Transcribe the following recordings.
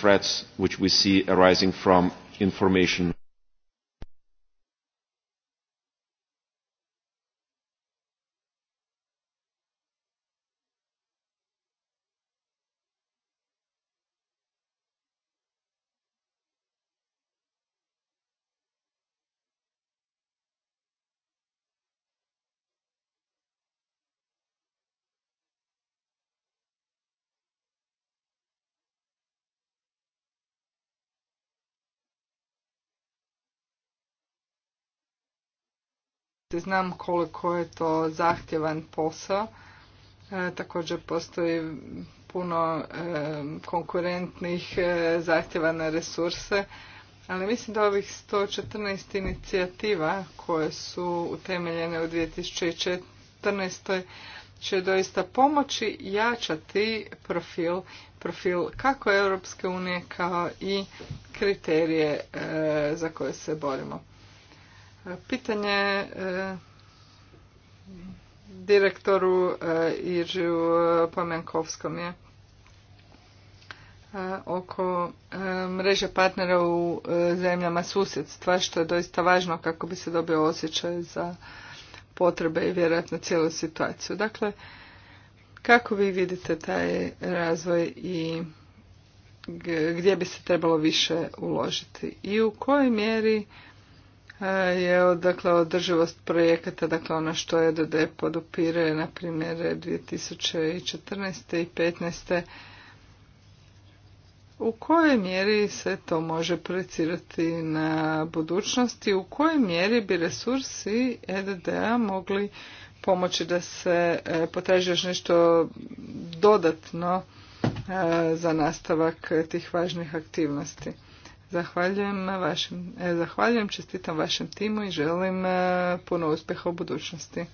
threats which we see arising from information znam koliko je to zahtjevan posao. E, također postoji puno e, konkurentnih e, zahtjeva na resurse, ali mislim da ovih 114 inicijativa koje su utemeljene u 2014. će doista pomoći jačati profil, profil kako Europske unije kao i kriterije e, za koje se borimo. Pitanje e, direktoru e, Iržiju Pomenkovskom je e, oko mreže partnera u zemljama susjedstva, što je doista važno kako bi se dobio osjećaj za potrebe i vjerojatno cijelu situaciju. Dakle, kako vi vidite taj razvoj i gdje bi se trebalo više uložiti i u kojoj mjeri je dakle održivost projekata, dakle ono što je DD podupire, na primjer 2014. i 2015. U kojoj mjeri se to može projecirati na budućnosti? u kojoj mjeri bi resursi EDD-a mogli pomoći da se e, potraži još nešto dodatno e, za nastavak tih važnih aktivnosti? Zahvaljujem, e, zahvaljujem, čestitam vašem timu i želim e, puno uspjeha u budućnosti.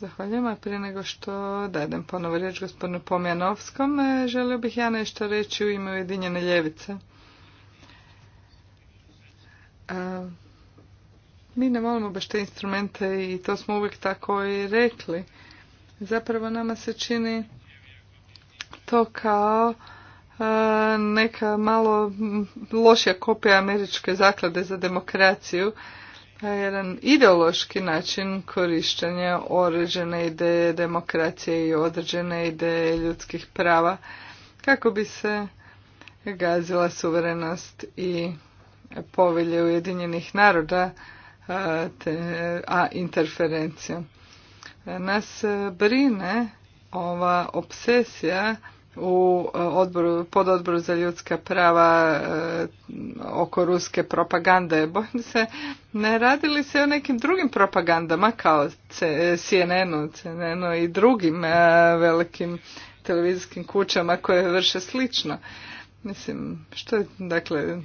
Zahvaljujem, a prije nego što dadem ponovo riječ gospodinu Pomjanovskom, e, želio bih ja nešto reći u ime Ujedinjene ljevice. Mi ne volimo baš te instrumente i to smo uvijek tako i rekli. Zapravo nama se čini to kao neka malo lošija kopija američke zaklade za demokraciju jedan ideološki način korištenja određene ideje demokracije i određene ideje ljudskih prava kako bi se gazila suverenost i povelje Ujedinjenih naroda te, a interferencija. Nas brine ova obsesija u e, odboru, pod odboru za ljudska prava e, oko ruske propagande. Bojim se, ne radili se o nekim drugim propagandama kao CNN-u, e, cnn i drugim velikim televizijskim kućama koje vrše slično. Mislim, što je, dakle,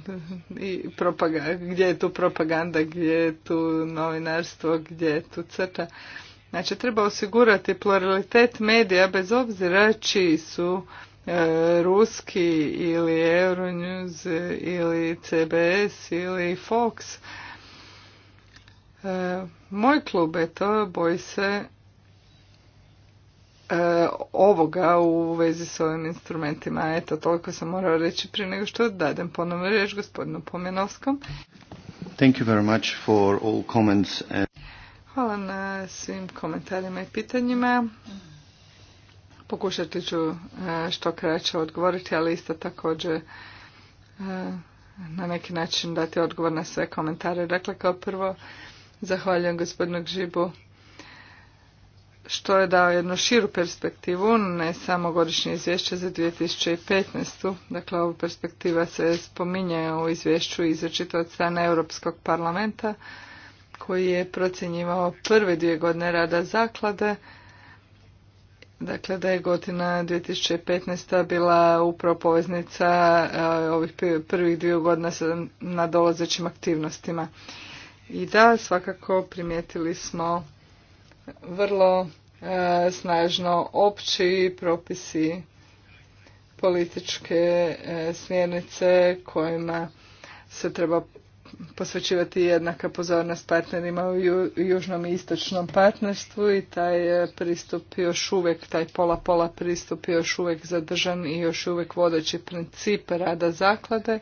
i propaganda, gdje je tu propaganda, gdje je tu novinarstvo, gdje je tu crta. Znači treba osigurati pluralitet medija bez obzira čiji su e, ruski ili Euronews ili CBS ili Fox. E, moj klub je to, boj se e, ovoga u vezi s ovim instrumentima. Eto, toliko sam morao reći prije nego što dadem ponovno riječ gospodinu Pomenovskom. Thank you very much for all comments. Hvala na svim komentarima i pitanjima. Pokušati ću e, što kraće odgovoriti, ali isto također e, na neki način dati odgovor na sve komentare. Dakle, kao prvo, zahvaljujem gospodinu Gžibu što je dao jednu širu perspektivu, ne samo godišnje izvješće za 2015. Dakle, ova perspektiva se spominje u izvješću izrečito od strane Europskog parlamenta, koji je procjenjivao prve dvije godine rada zaklade. Dakle, da je godina 2015. bila upravo poveznica eh, ovih prvih dvije godina sa nadolazećim aktivnostima. I da, svakako primijetili smo vrlo eh, snažno opći propisi političke eh, smjernice kojima se treba posvećivati jednaka pozornost partnerima u južnom i istočnom partnerstvu i taj e, pristup još uvijek, taj pola-pola pristup još uvijek zadržan i još uvijek vodeći princip rada zaklade.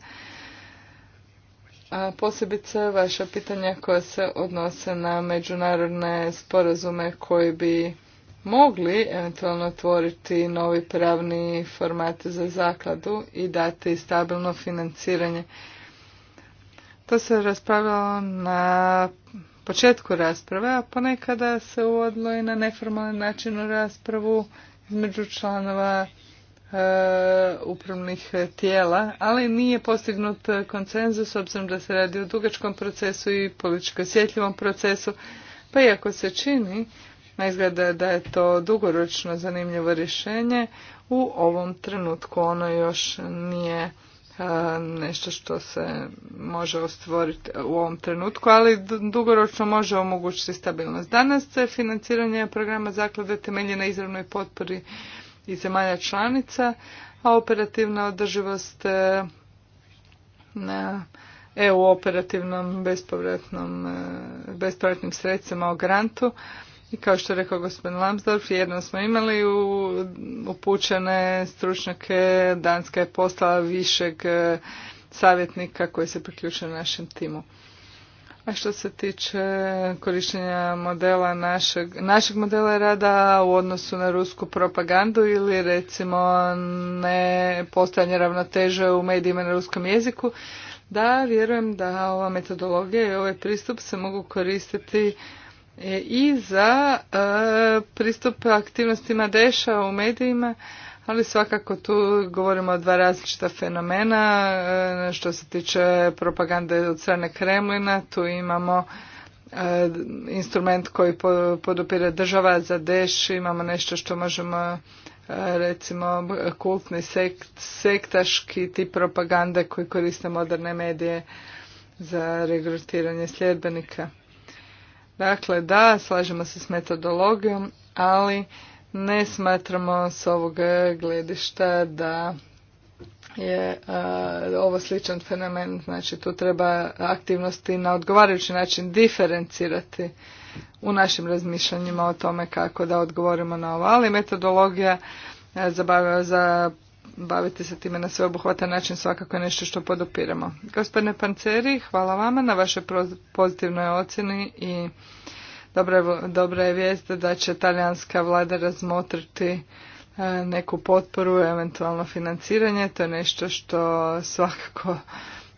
A posebice vaša pitanja koja se odnose na međunarodne sporazume koji bi mogli eventualno otvoriti novi pravni format za zakladu i dati stabilno financiranje to se raspravljalo na početku rasprave, a ponekada se uvodilo i na neformalan način u raspravu između članova e, upravnih tijela, ali nije postignut konsenzus obzirom da se radi o dugačkom procesu i političko osjetljivom procesu, pa iako se čini na da je to dugoročno zanimljivo rješenje, u ovom trenutku ono još nije E, nešto što se može ostvoriti u ovom trenutku, ali dugoročno može omogućiti stabilnost. Danas se financiranje programa zaklade temelji na izravnoj potpori i zemalja članica, a operativna održivost e, na EU operativnom bespovratnom e, bespovratnim sredstvima o grantu i kao što je rekao gospodin Lambsdorff, jednom smo imali u, upućene stručnjake, Danska je postala višeg e, savjetnika koji se priključio našem timu. A što se tiče korištenja modela našeg, našeg modela rada u odnosu na rusku propagandu ili recimo ne postojanje ravnoteže u medijima na ruskom jeziku, da, vjerujem da ova metodologija i ovaj pristup se mogu koristiti E, i za e, pristup aktivnostima Deša u medijima, ali svakako tu govorimo o dva različita fenomena. E, što se tiče propagande od strane Kremlina, tu imamo instrument koji podupire država za deš, imamo nešto što možemo recimo kultni sekt, sektaški tip propagande koji koriste moderne medije za regrutiranje sljedbenika. Dakle, da, slažemo se s metodologijom, ali ne smatramo s ovog gledišta da je ovo sličan fenomen, znači tu treba aktivnosti na odgovarajući način diferencirati u našim razmišljanjima o tome kako da odgovorimo na ovo, ali metodologija za, za baviti se time na sveobuhvatan način svakako je nešto što podopiramo. Gospodine Panceri, hvala vama na vašoj pozitivnoj ocjeni i dobra, dobra je vijest da će talijanska vlada razmotriti e, neku potporu, eventualno financiranje. To je nešto što svakako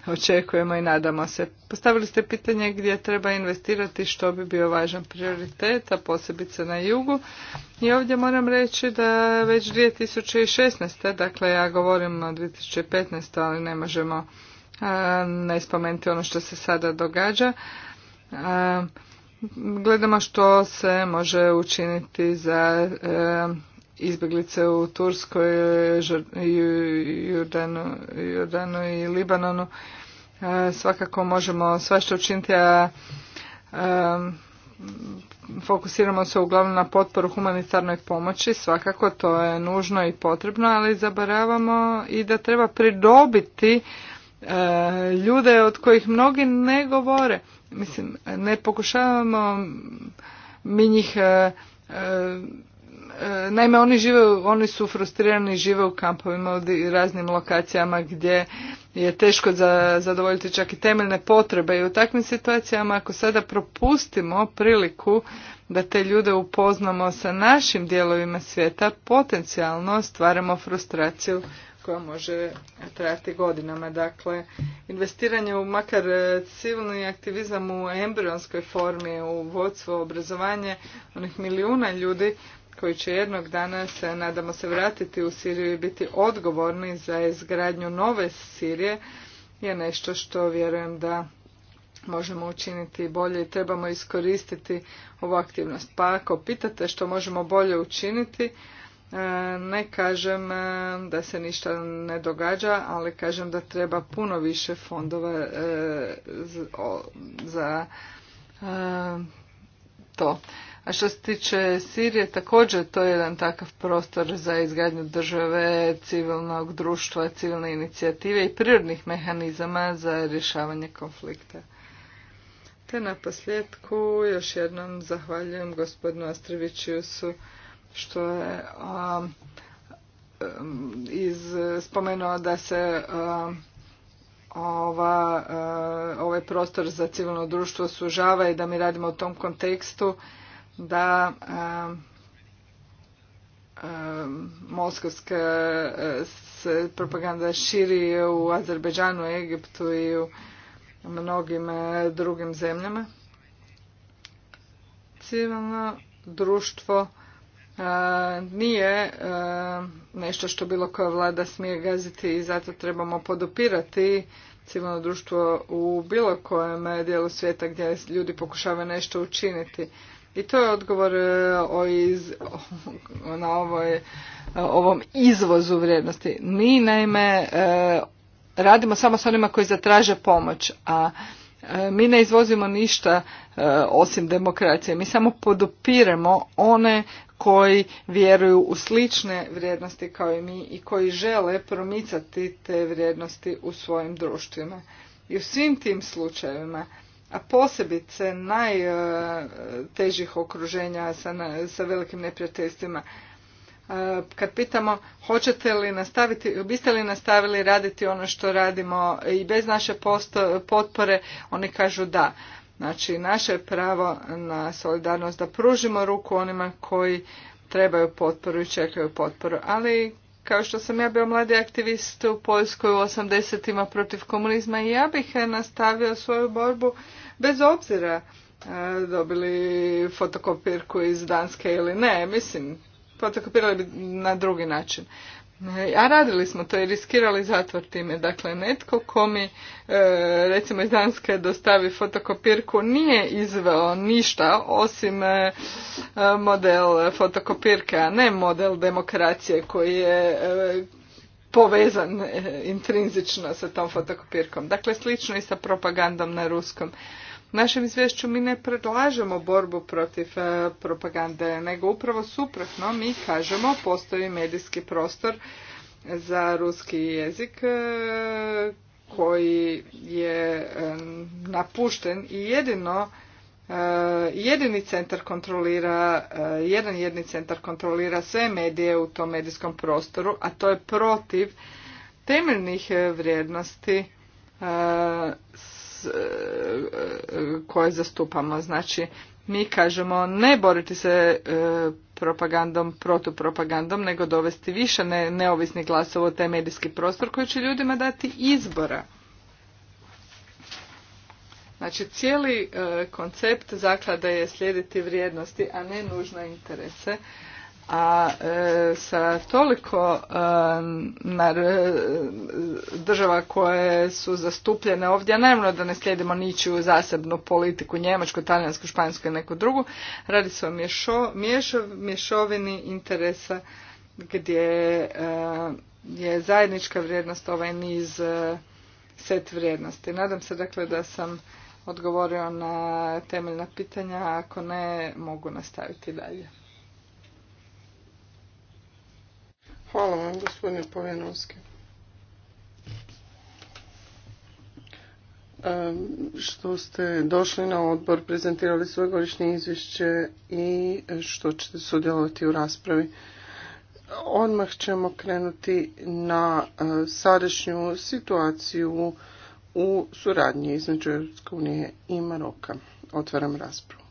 očekujemo i nadamo se. Postavili ste pitanje gdje treba investirati, što bi bio važan prioritet, a posebice na jugu. I ovdje moram reći da već 2016. dakle ja govorim o 2015. ali ne možemo ne spomenuti ono što se sada događa. gledamo što se može učiniti za e, izbjeglice u Turskoj, Jordanu, Jordanu i Libanonu. E, svakako možemo što učiniti, a e, fokusiramo se uglavnom na potporu humanitarnoj pomoći, svakako to je nužno i potrebno, ali zaboravamo i da treba pridobiti e, ljude od kojih mnogi ne govore. Mislim, ne pokušavamo mi njih E, naime oni žive, oni su frustrirani, žive u kampovima u raznim lokacijama gdje je teško zadovoljiti čak i temeljne potrebe i u takvim situacijama ako sada propustimo priliku da te ljude upoznamo sa našim dijelovima svijeta, potencijalno stvaramo frustraciju koja može trajati godinama. Dakle, investiranje u makar civilni aktivizam u embrionskoj formi, u vodstvo, obrazovanje onih milijuna ljudi koji će jednog dana se, nadamo se, vratiti u Siriju i biti odgovorni za izgradnju nove Sirije je nešto što vjerujem da možemo učiniti bolje i trebamo iskoristiti ovu aktivnost. Pa ako pitate što možemo bolje učiniti, e, ne kažem e, da se ništa ne događa, ali kažem da treba puno više fondova e, za to. A što se tiče Sirije, također to je jedan takav prostor za izgradnju države, civilnog društva, civilne inicijative i prirodnih mehanizama za rješavanje konflikta. Te na posljedku još jednom zahvaljujem gospodinu Astrivićiusu što je um, um, spomenuo da se um, ova, uh, ovaj prostor za civilno društvo sužava i da mi radimo u tom kontekstu da moskovska eh, se propaganda širi u Azerbeđanu, Egiptu i u mnogim eh, drugim zemljama. Civilno društvo eh, nije nešto što bilo koja vlada smije gaziti i zato trebamo podupirati civilno društvo u bilo kojem dijelu svijeta gdje ljudi pokušavaju nešto učiniti. I to je odgovor e, o iz, o, na ovoj, e, ovom izvozu vrijednosti. Mi naime e, radimo samo s onima koji zatraže pomoć, a mi ne izvozimo ništa osim demokracije. Mi samo podupiremo one koji vjeruju u slične vrijednosti kao i mi i koji žele promicati te vrijednosti u svojim društvima. I u svim tim slučajevima a posebice najtežih okruženja sa, sa velikim neprijateljstvima. E, kad pitamo hoćete li nastaviti, biste li nastavili raditi ono što radimo i bez naše potpore, oni kažu da. Znači, naše je pravo na solidarnost da pružimo ruku onima koji trebaju potporu i čekaju potporu. Ali kao što sam ja bio mladi aktivist u Poljskoj u 80-ima protiv komunizma i ja bih nastavio svoju borbu bez obzira e, dobili fotokopirku iz Danske ili ne, mislim, fotokopirali bi na drugi način. E, a radili smo to i riskirali zatvor time. Dakle, netko ko mi e, recimo iz Danske dostavi fotokopirku nije izveo ništa osim e, model fotokopirke, a ne model demokracije koji je povezan intrinzično sa tom fotokopirkom. Dakle, slično i sa propagandom na ruskom našem izvješću mi ne predlažemo borbu protiv e, propagande, nego upravo suprotno mi kažemo postoji medijski prostor za ruski jezik e, koji je e, napušten i jedino jedini centar kontrolira jedan jedni centar kontrolira sve medije u tom medijskom prostoru a to je protiv temeljnih vrijednosti E, koje zastupamo. Znači, mi kažemo ne boriti se e, propagandom, protupropagandom, nego dovesti više neovisnih glasova u taj medijski prostor koji će ljudima dati izbora. Znači, cijeli e, koncept zaklada je slijediti vrijednosti, a ne nužne interese a e, sa toliko e, e, država koje su zastupljene ovdje, a naravno da ne slijedimo ničiju zasebnu politiku, njemačku, talijansku, španjsku i neku drugu, radi se o mješo, mješovini interesa gdje e, je zajednička vrijednost ovaj niz set vrijednosti. Nadam se dakle da sam odgovorio na temeljna pitanja, ako ne mogu nastaviti dalje. Hvala vam, gospodine Povjenovski. E, što ste došli na odbor, prezentirali svoje godišnje izvješće i što ćete sudjelovati u raspravi. Odmah ćemo krenuti na e, sadašnju situaciju u suradnji između Europske unije i Maroka. Otvaram raspravu.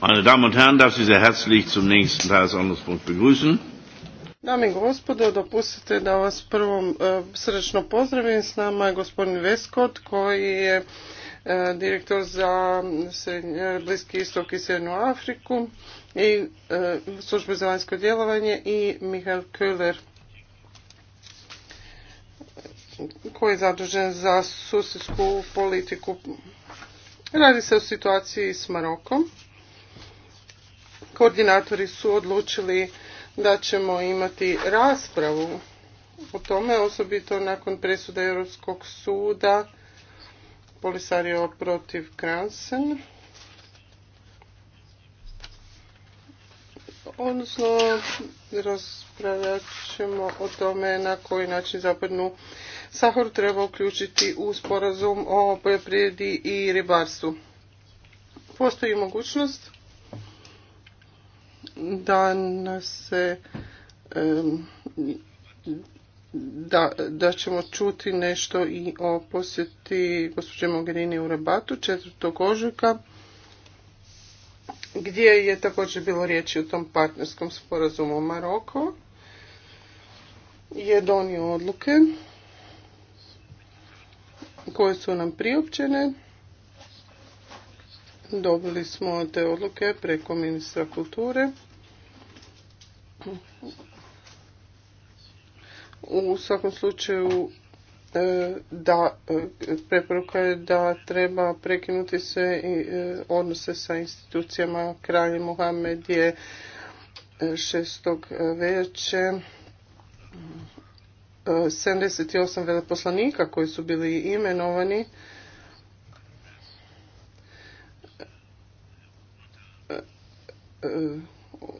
Meine Damen und darf Sie herzlich zum nächsten Tagesordnungspunkt begrüßen. Dame i gospodo, dopustite da vas prvom srečno srdečno pozdravim. S nama je gospodin Veskot koji je e, direktor za e, Bliski istok i Srednju Afriku i e, službe za vanjsko djelovanje i Mihael Köhler koji je zadužen za susjedsku politiku. Radi se o situaciji s Marokom. Koordinatori su odlučili da ćemo imati raspravu o tome, osobito nakon presude Europskog suda Polisario protiv Kransen. Odnosno, raspravljat ćemo o tome na koji način zapadnu Sahor treba uključiti u sporazum o poljoprivredi i ribarstvu. Postoji mogućnost da se da, da ćemo čuti nešto i o posjeti gospođe Mogherini u Rabatu 4. ožujka gdje je također bilo riječi o tom partnerskom sporazumu Maroko je donio odluke koje su nam priopćene. Dobili smo te odluke preko ministra kulture u svakom slučaju e, da e, preporuka je da treba prekinuti sve e, odnose sa institucijama. Kralje Mohamed je 6. veće 78 veleposlanika koji su bili imenovani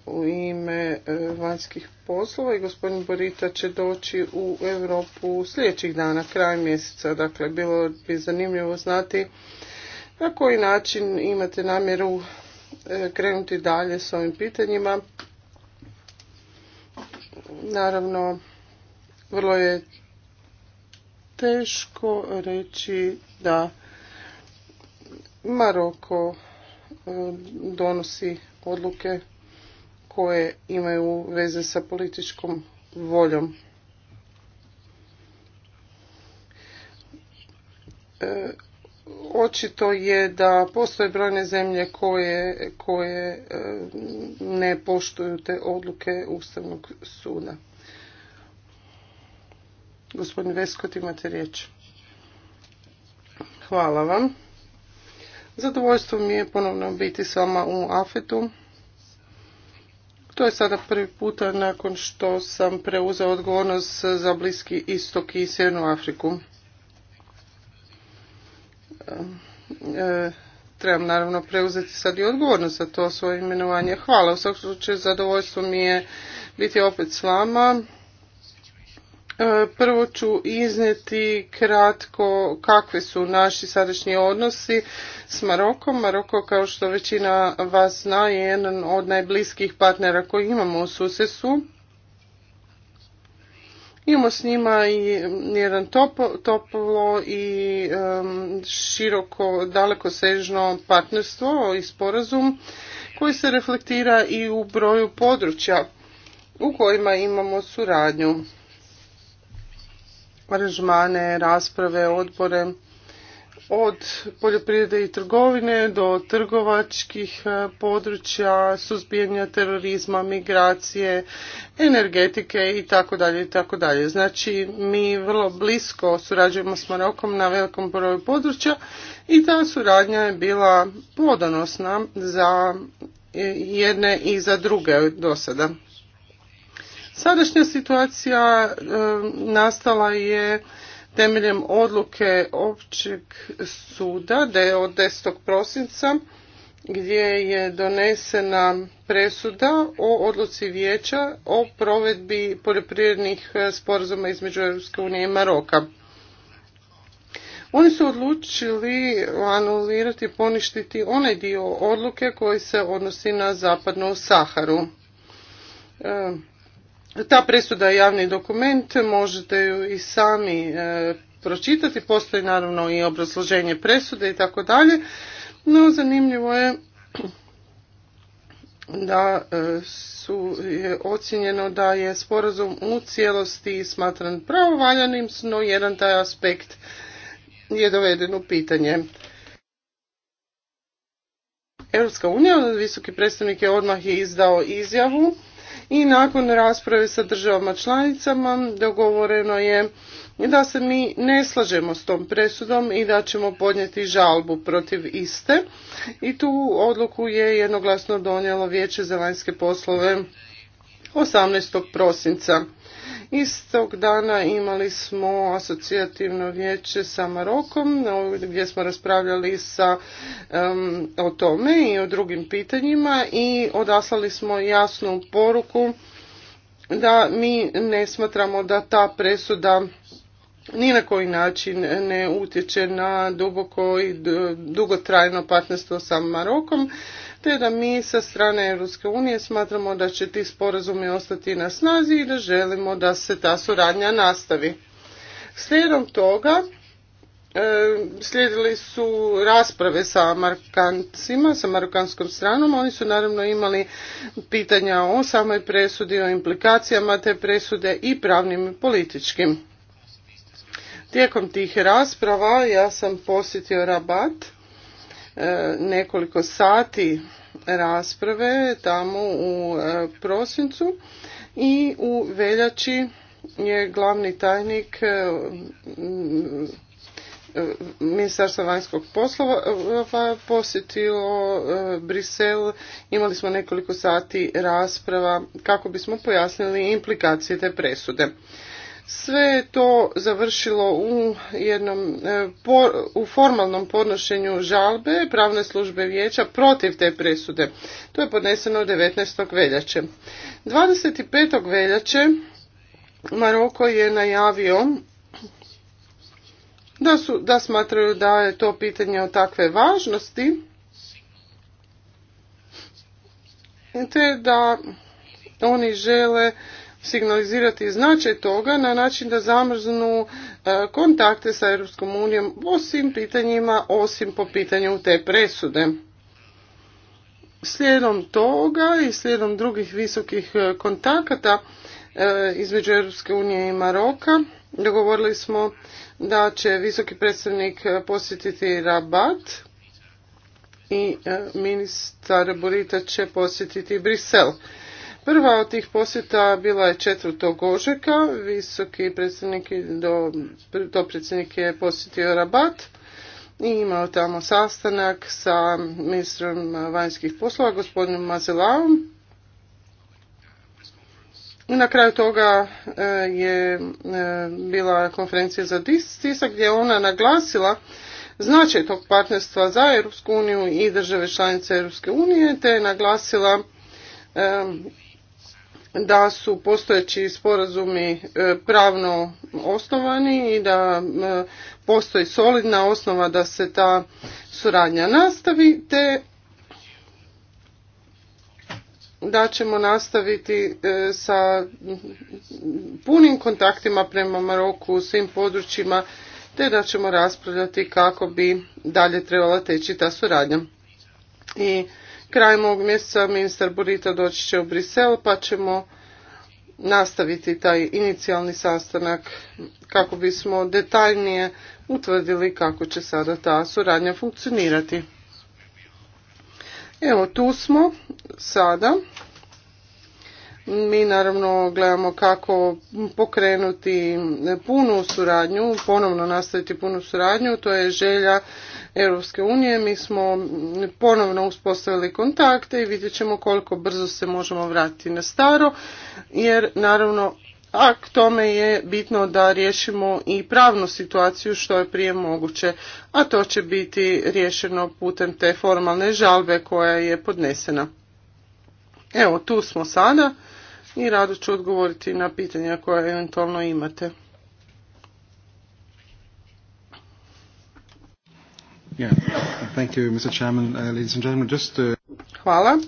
u ime e, vanjskih poslova i gospodin Borita će doći u Europu sljedećih dana, kraj mjeseca. Dakle, bilo bi zanimljivo znati na koji način imate namjeru e, krenuti dalje s ovim pitanjima. Naravno, vrlo je teško reći da Maroko e, donosi odluke koje imaju veze sa političkom voljom. E, očito je da postoje brojne zemlje koje, koje e, ne poštuju te odluke Ustavnog suda. Gospodin Veskot, imate riječ. Hvala vam. Zadovoljstvo mi je ponovno biti s vama u Afetu. To je sada prvi puta nakon što sam preuzeo odgovornost za Bliski istok i Sjevernu Afriku. E, e, trebam naravno preuzeti sad i odgovornost za to svoje imenovanje. Hvala u svakom slučaju, zadovoljstvo mi je biti opet s vama. E, prvo ću iznijeti kratko kakve su naši sadašnji odnosi s Marokom. Maroko, kao što većina vas zna, je jedan od najbliskih partnera koji imamo u susesu. Imamo s njima i jedan toplo i široko, daleko sežno partnerstvo i sporazum koji se reflektira i u broju područja u kojima imamo suradnju aranžmane, rasprave, odbore od poljoprivrede i trgovine do trgovačkih e, područja, suzbijanja terorizma, migracije, energetike i tako dalje i tako dalje. Znači mi vrlo blisko surađujemo s Marokom na velikom broju područja i ta suradnja je bila plodonosna za jedne i za druge do sada. Sadašnja situacija nastala je temeljem odluke općeg suda da je od 10. prosinca gdje je donesena presuda o odluci vijeća o provedbi poljoprivrednih e, sporazuma između Europske unije i Maroka. Oni su odlučili anulirati i poništiti onaj dio odluke koji se odnosi na zapadnu Saharu. E, ta presuda je javni dokument, možete ju i sami e, pročitati, postoji naravno i obrazloženje presude i tako dalje, no zanimljivo je da e, su je ocjenjeno da je sporazum u cijelosti smatran pravovaljanim, no jedan taj aspekt je doveden u pitanje. Europska unija, visoki predstavnik je odmah je izdao izjavu i nakon rasprave sa državama članicama dogovoreno je da se mi ne slažemo s tom presudom i da ćemo podnijeti žalbu protiv iste i tu odluku je jednoglasno donijelo Vijeće za vanjske poslove 18. prosinca. Istog dana imali smo asocijativno vijeće sa Marokom gdje smo raspravljali sa, o tome i o drugim pitanjima i odaslali smo jasnu poruku da mi ne smatramo da ta presuda ni na koji način ne utječe na duboko i dugotrajno partnerstvo sa Marokom te da mi sa strane Europske unije smatramo da će ti sporazumi ostati na snazi i da želimo da se ta suradnja nastavi. Slijedom toga e, slijedili su rasprave sa Marokancima, sa Marokanskom stranom. Oni su naravno imali pitanja o samoj presudi, o implikacijama te presude i pravnim i političkim. Tijekom tih rasprava ja sam posjetio Rabat E, nekoliko sati rasprave tamo u e, prosincu i u veljači je glavni tajnik e, Ministarstva vanjskog poslova posjetio Brisel. Imali smo nekoliko sati rasprava kako bismo pojasnili implikacije te presude sve je to završilo u jednom e, u formalnom podnošenju žalbe pravne službe vijeća protiv te presude. To je podneseno 19. veljače. 25. veljače Maroko je najavio da, su, da smatraju da je to pitanje o takve važnosti te da oni žele signalizirati značaj toga na način da zamrznu e, kontakte sa Europskom unijom osim pitanjima, osim po pitanju te presude. Slijedom toga i slijedom drugih visokih e, kontakata e, između Europske unije i Maroka dogovorili smo da će visoki predstavnik posjetiti Rabat i ministar Borita će posjetiti Brisel. Prva od tih posjeta bila je 4. ožujka, visoki predsjednik do, do predsjednik je posjetio Rabat i imao tamo sastanak sa ministrom vanjskih poslova gospodinom Mazelaom. Na kraju toga e, je e, bila konferencija za tisak gdje je ona naglasila značaj tog partnerstva za Europsku uniju i države članice Europske unije te je naglasila e, da su postojeći sporazumi e, pravno osnovani i da e, postoji solidna osnova da se ta suradnja nastavi te da ćemo nastaviti e, sa punim kontaktima prema Maroku u svim područjima te da ćemo raspravljati kako bi dalje trebala teći ta suradnja. I Krajem ovog mjeseca ministar Burita doći će u Brisel pa ćemo nastaviti taj inicijalni sastanak kako bismo detaljnije utvrdili kako će sada ta suradnja funkcionirati. Evo tu smo sada. Mi naravno gledamo kako pokrenuti punu suradnju, ponovno nastaviti punu suradnju, to je želja Europske unije. Mi smo ponovno uspostavili kontakte i vidjet ćemo koliko brzo se možemo vratiti na staro, jer naravno a k tome je bitno da riješimo i pravnu situaciju što je prije moguće, a to će biti riješeno putem te formalne žalbe koja je podnesena. Evo, tu smo sada i rado ću odgovoriti na pitanja koja eventualno imate. Uh, uh, Hvala.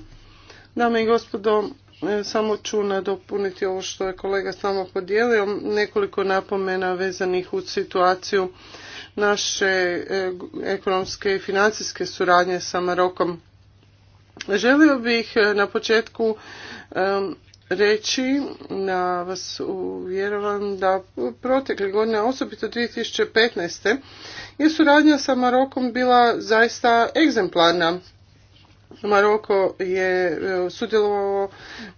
Dame i gospodo, e, samo ću nadopuniti ovo što je kolega samo podijelio, nekoliko napomena vezanih u situaciju naše e, ekonomske i financijske suradnje sa Marokom. Želio bih e, na početku reći da vas uvjeravam da protekle godine, osobito 2015. je suradnja sa Marokom bila zaista egzemplarna. Maroko je e, sudjelovao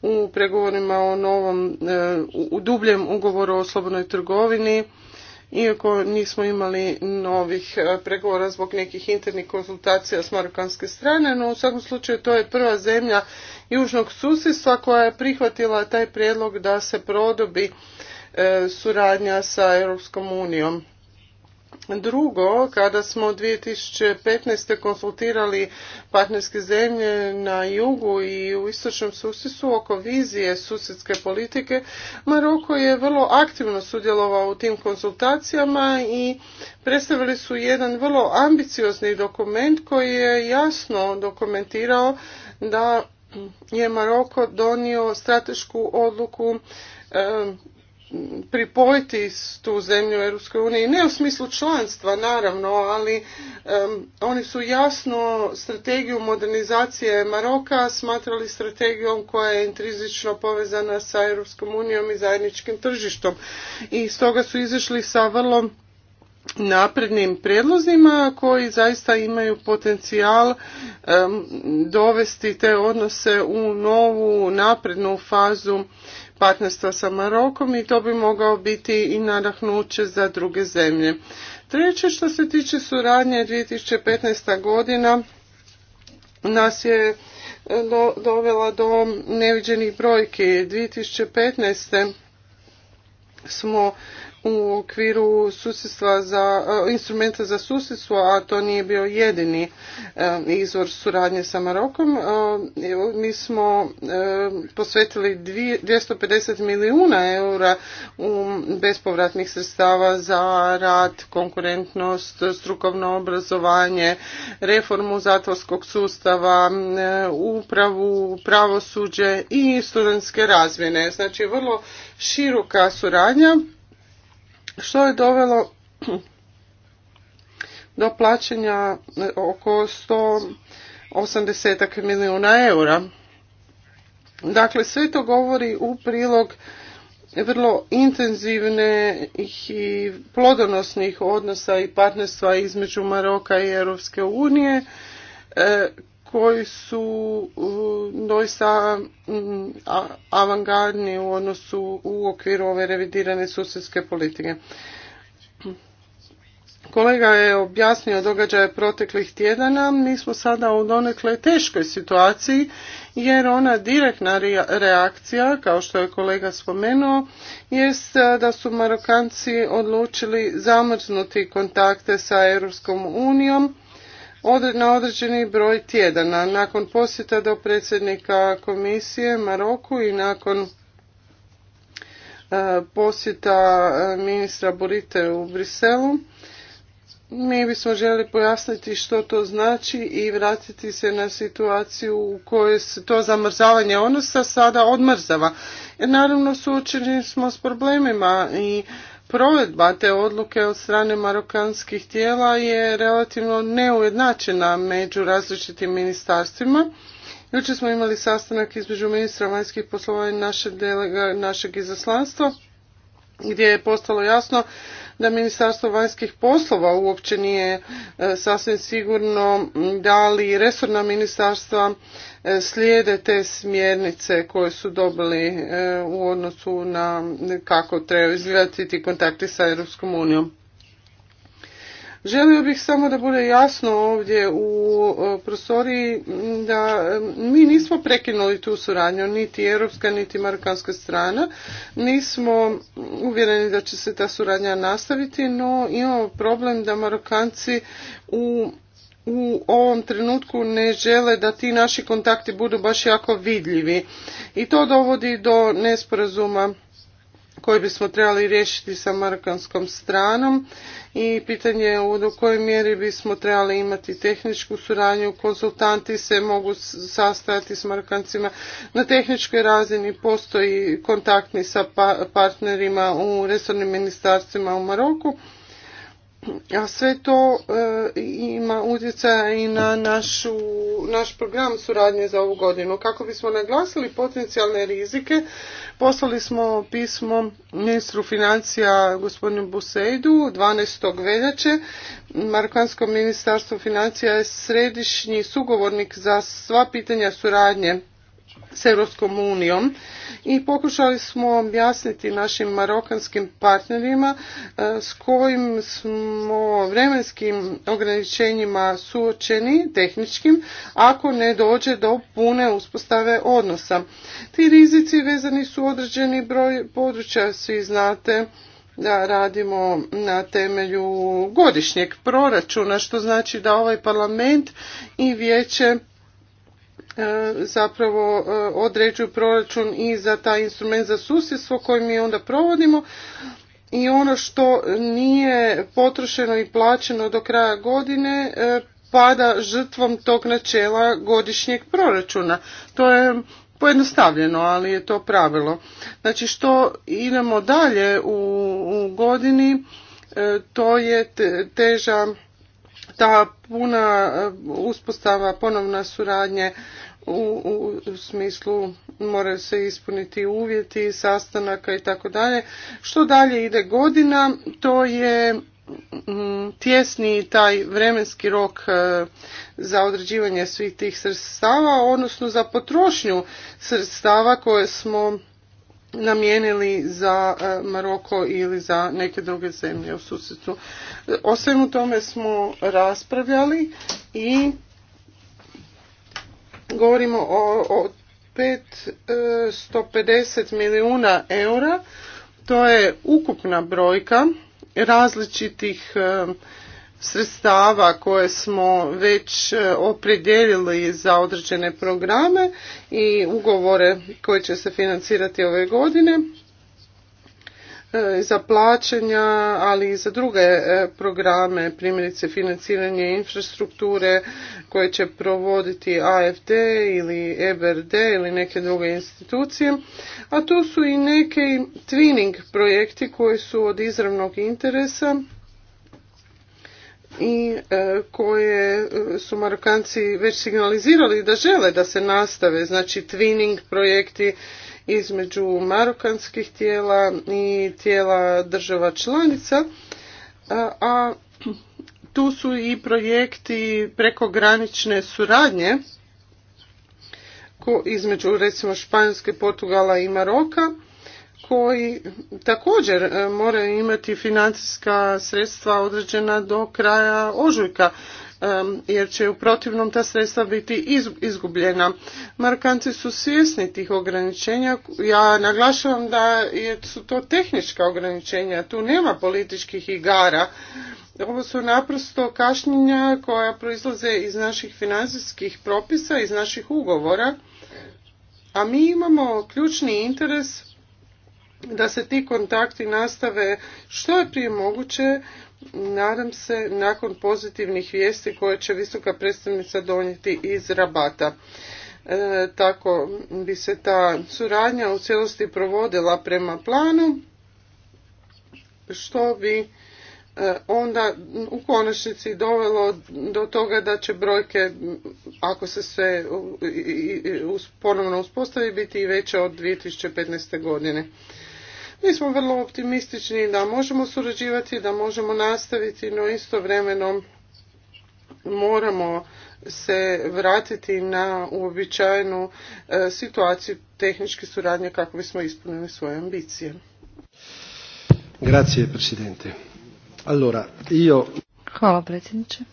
u pregovorima o novom, e, u dubljem ugovoru o slobodnoj trgovini iako nismo imali novih e, pregovora zbog nekih internih konsultacija s marokanske strane, no u svakom slučaju to je prva zemlja južnog susjedstva koja je prihvatila taj prijedlog da se produbi e, suradnja sa Europskom unijom. Drugo, kada smo 2015. konsultirali partnerske zemlje na jugu i u istočnom susjedstvu oko vizije susjedske politike, Maroko je vrlo aktivno sudjelovao u tim konsultacijama i predstavili su jedan vrlo ambiciozni dokument koji je jasno dokumentirao da je Maroko donio stratešku odluku pripojiti tu zemlju Europskoj uniji, ne u smislu članstva naravno, ali oni su jasno strategiju modernizacije Maroka smatrali strategijom koja je intrizično povezana sa Europskom unijom i zajedničkim tržištom. I stoga su izašli sa vrlo naprednim predlozima koji zaista imaju potencijal dovesti te odnose u novu naprednu fazu partnerstva sa Marokom i to bi mogao biti i nadahnuće za druge zemlje. Treće što se tiče suradnje 2015. godina nas je e, do, dovela do neviđenih brojki. 2015. smo u okviru susjedstva za, e, instrumenta za susjedstvo, a to nije bio jedini e, izvor suradnje sa Marokom. E, mi smo posvetili 250 milijuna eura u bespovratnih sredstava za rad, konkurentnost, strukovno obrazovanje, reformu zatvorskog sustava, upravu, pravosuđe i studentske razmjene. Znači vrlo široka suradnja što je dovelo do plaćanja oko 180 milijuna eura. Dakle, sve to govori u prilog vrlo intenzivne i plodonosnih odnosa i partnerstva između Maroka i Europske unije e, koji su doista mm, avangardni u odnosu u okviru ove revidirane susjedske politike. Kolega je objasnio događaje proteklih tjedana, mi smo sada u donekle teškoj situaciji jer ona direktna reakcija, kao što je kolega spomenuo, jest da su Marokanci odlučili zamrznuti kontakte sa Europskom unijom na određeni broj tjedana. Nakon posjeta do predsjednika komisije Maroku i nakon e, posjeta e, ministra Borite u Briselu, mi bismo želi pojasniti što to znači i vratiti se na situaciju u kojoj se to zamrzavanje odnosa sada odmrzava. Jer naravno suočeni smo s problemima i provedba te odluke od strane marokanskih tijela je relativno neujednačena među različitim ministarstvima. Jučer smo imali sastanak između ministra vanjskih poslova i našeg izaslanstva gdje je postalo jasno da Ministarstvo vanjskih poslova uopće nije e, sasvim sigurno da li resorna ministarstva e, slijede te smjernice koje su dobili e, u odnosu na kako treba izgledati ti kontakti sa Europskom unijom. Želio bih samo da bude jasno ovdje u e, prostoriji da mi nismo prekinuli tu suradnju, niti europska, niti marokanska strana. Nismo uvjereni da će se ta suradnja nastaviti, no imamo problem da marokanci u u ovom trenutku ne žele da ti naši kontakti budu baš jako vidljivi i to dovodi do nesporazuma koje bismo trebali riješiti sa marokanskom stranom i pitanje je u kojoj mjeri bismo trebali imati tehničku suradnju, konsultanti se mogu sastajati s marokancima. Na tehničkoj razini postoji kontaktni sa pa, partnerima u resornim ministarstvima u Maroku a sve to e, ima utjecaja i na našu, naš program suradnje za ovu godinu. Kako bismo naglasili potencijalne rizike, poslali smo pismo ministru financija gospodinu Buseidu 12. veljače. Markansko ministarstvo financija je središnji sugovornik za sva pitanja suradnje s Europskom unijom i pokušali smo objasniti našim marokanskim partnerima e, s kojim smo vremenskim ograničenjima suočeni, tehničkim, ako ne dođe do pune uspostave odnosa. Ti rizici vezani su određeni broj područja, svi znate da radimo na temelju godišnjeg proračuna, što znači da ovaj parlament i vijeće E, zapravo e, određuju proračun i za taj instrument za susjedstvo koji mi onda provodimo i ono što nije potrošeno i plaćeno do kraja godine e, pada žrtvom tog načela godišnjeg proračuna. To je pojednostavljeno, ali je to pravilo. Znači što idemo dalje u, u godini, to je teža ta puna e, uspostava ponovna suradnje u, smislu moraju se ispuniti uvjeti sastanaka i tako dalje što dalje ide godina to je mm, tjesni taj vremenski rok e, za određivanje svih tih sredstava odnosno za potrošnju sredstava koje smo namijenili za e, Maroko ili za neke druge zemlje u susjedstvu. O svemu tome smo raspravljali i govorimo o, o 550 milijuna eura. To je ukupna brojka različitih e, sredstava koje smo već e, opredjelili za određene programe i ugovore koji će se financirati ove godine e, za plaćanja, ali i za druge e, programe, primjerice financiranje infrastrukture koje će provoditi AFD ili EBRD ili neke druge institucije. A tu su i neki twinning projekti koji su od izravnog interesa i e, koje e, su Marokanci već signalizirali da žele da se nastave, znači twinning projekti između marokanskih tijela i tijela država članica, e, a tu su i projekti prekogranične suradnje između recimo Španjolske, Portugala i Maroka koji također e, moraju imati financijska sredstva određena do kraja ožujka e, jer će u protivnom ta sredstva biti izgubljena. Markanci su svjesni tih ograničenja. Ja naglašavam da su to tehnička ograničenja, tu nema političkih igara. Ovo su naprosto kašnjenja koja proizlaze iz naših financijskih propisa, iz naših ugovora, a mi imamo ključni interes da se ti kontakti nastave što je prije moguće, nadam se, nakon pozitivnih vijesti koje će visoka predstavnica donijeti iz rabata. E, tako bi se ta suradnja u cijelosti provodila prema planu, što bi e, onda u konačnici dovelo do toga da će brojke, ako se sve ponovno uspostavi, biti i veće od 2015. godine. Mi smo vrlo optimistični da možemo surađivati, da možemo nastaviti, no istovremeno moramo se vratiti na uobičajenu e, situaciju tehničke suradnje kako bismo ispunili svoje ambicije. Grazie, presidente. Allora, io... Hvala, predsjedniče.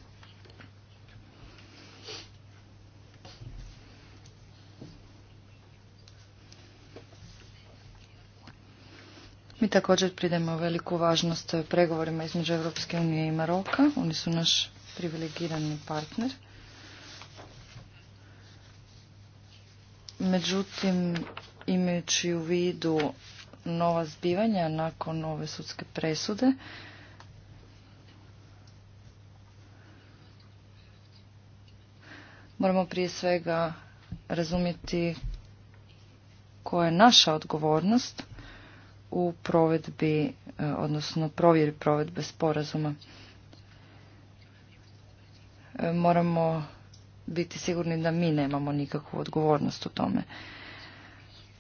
Mi također pridemo veliku važnost pregovorima između Europske unije i Maroka. Oni su naš privilegirani partner. Međutim, imajući u vidu nova zbivanja nakon ove sudske presude, moramo prije svega razumjeti koja je naša odgovornost u provedbi, e, odnosno provjeri provedbe sporazuma. E, moramo biti sigurni da mi nemamo nikakvu odgovornost u tome.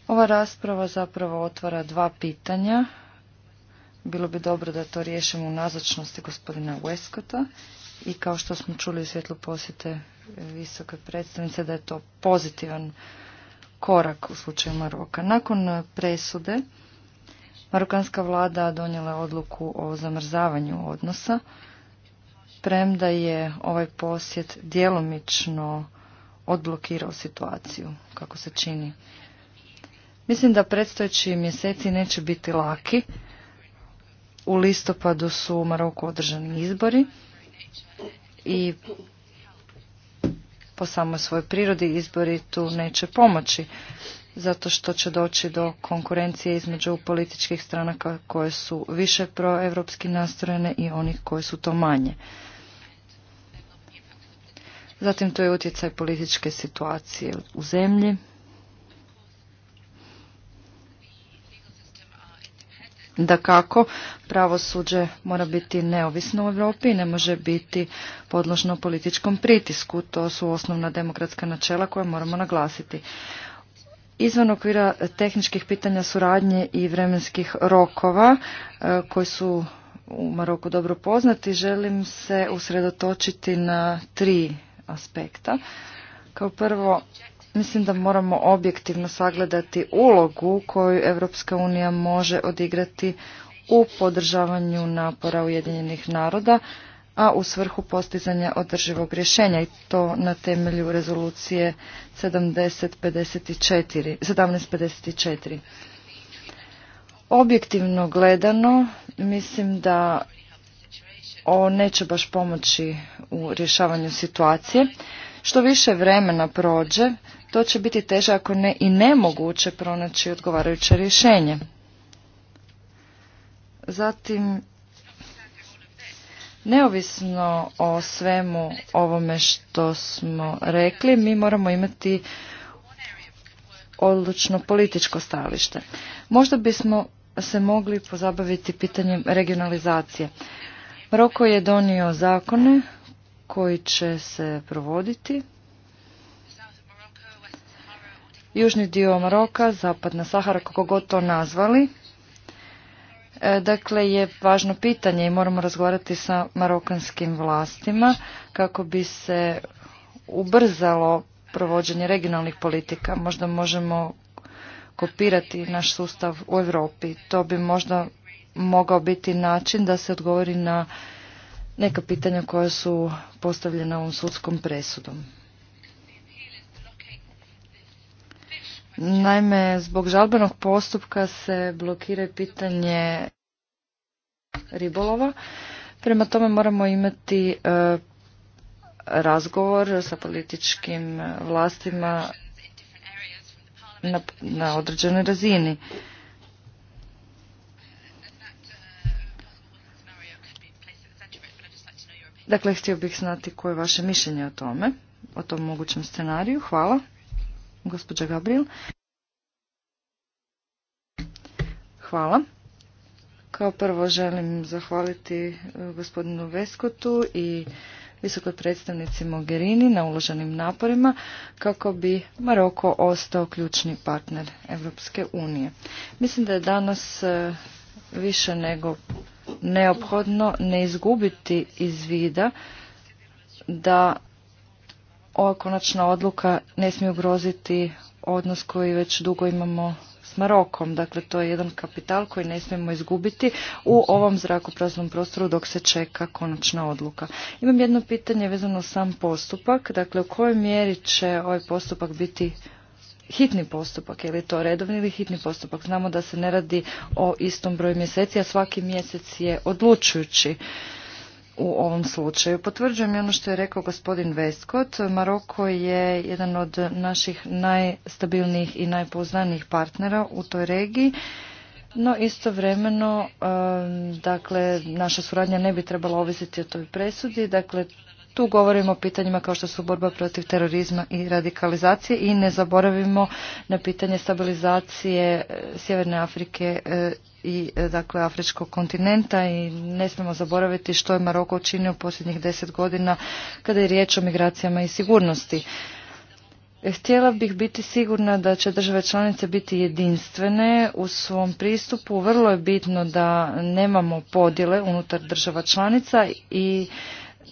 Ova rasprava zapravo otvara dva pitanja. Bilo bi dobro da to riješimo u nazočnosti gospodina Westcota i kao što smo čuli u svjetlu posjete visoke predstavnice da je to pozitivan korak u slučaju Maroka. Nakon presude Marokanska vlada donijela odluku o zamrzavanju odnosa, premda je ovaj posjet djelomično odblokirao situaciju, kako se čini. Mislim da predstojeći mjeseci neće biti laki. U listopadu su u Maroku održani izbori i po samoj svojoj prirodi izbori tu neće pomoći zato što će doći do konkurencije između političkih stranaka koje su više proevropski nastrojene i onih koje su to manje. Zatim to je utjecaj političke situacije u zemlji. Da kako, pravosuđe mora biti neovisno u Europi i ne može biti podložno političkom pritisku. To su osnovna demokratska načela koja moramo naglasiti izvan okvira tehničkih pitanja suradnje i vremenskih rokova e, koji su u Maroku dobro poznati, želim se usredotočiti na tri aspekta. Kao prvo, mislim da moramo objektivno sagledati ulogu koju Europska unija može odigrati u podržavanju napora Ujedinjenih naroda a u svrhu postizanja održivog rješenja i to na temelju rezolucije 1754. Objektivno gledano, mislim da ovo neće baš pomoći u rješavanju situacije. Što više vremena prođe, to će biti teže ako ne i nemoguće pronaći odgovarajuće rješenje. Zatim neovisno o svemu ovome što smo rekli, mi moramo imati odlučno političko stajalište. Možda bismo se mogli pozabaviti pitanjem regionalizacije. Maroko je donio zakone koji će se provoditi. Južni dio Maroka, zapadna Sahara, kako god to nazvali, E, dakle je važno pitanje i moramo razgovarati sa marokanskim vlastima kako bi se ubrzalo provođenje regionalnih politika. Možda možemo kopirati naš sustav u Europi. To bi možda mogao biti način da se odgovori na neka pitanja koja su postavljena ovom sudskom presudom. Naime, zbog žalbenog postupka se blokira pitanje ribolova. Prema tome moramo imati e, razgovor sa političkim vlastima na, na određenoj razini. Dakle, htio bih znati koje je vaše mišljenje o tome, o tom mogućem scenariju. Hvala. Gospođa Gabriel. Hvala. Kao prvo želim zahvaliti e, gospodinu Veskotu i visokoj predstavnici Mogherini na uloženim naporima kako bi Maroko ostao ključni partner Europske unije. Mislim da je danas e, više nego neophodno ne izgubiti iz vida da ova konačna odluka ne smije ugroziti odnos koji već dugo imamo s Marokom. Dakle, to je jedan kapital koji ne smijemo izgubiti u ovom zrakopraznom prostoru dok se čeka konačna odluka. Imam jedno pitanje vezano sam postupak. Dakle, u kojoj mjeri će ovaj postupak biti hitni postupak, je li to redovni ili hitni postupak? Znamo da se ne radi o istom broju mjeseci, a svaki mjesec je odlučujući u ovom slučaju. Potvrđujem ono što je rekao gospodin Veskot. Maroko je jedan od naših najstabilnijih i najpoznanijih partnera u toj regiji. No istovremeno, dakle, naša suradnja ne bi trebala ovisiti o toj presudi. Dakle, tu govorimo o pitanjima kao što su borba protiv terorizma i radikalizacije i ne zaboravimo na pitanje stabilizacije eh, Sjeverne Afrike eh, i e, dakle afričkog kontinenta i ne smemo zaboraviti što je Maroko učinio posljednjih deset godina kada je riječ o migracijama i sigurnosti. Htjela bih biti sigurna da će države članice biti jedinstvene u svom pristupu. Vrlo je bitno da nemamo podjele unutar država članica i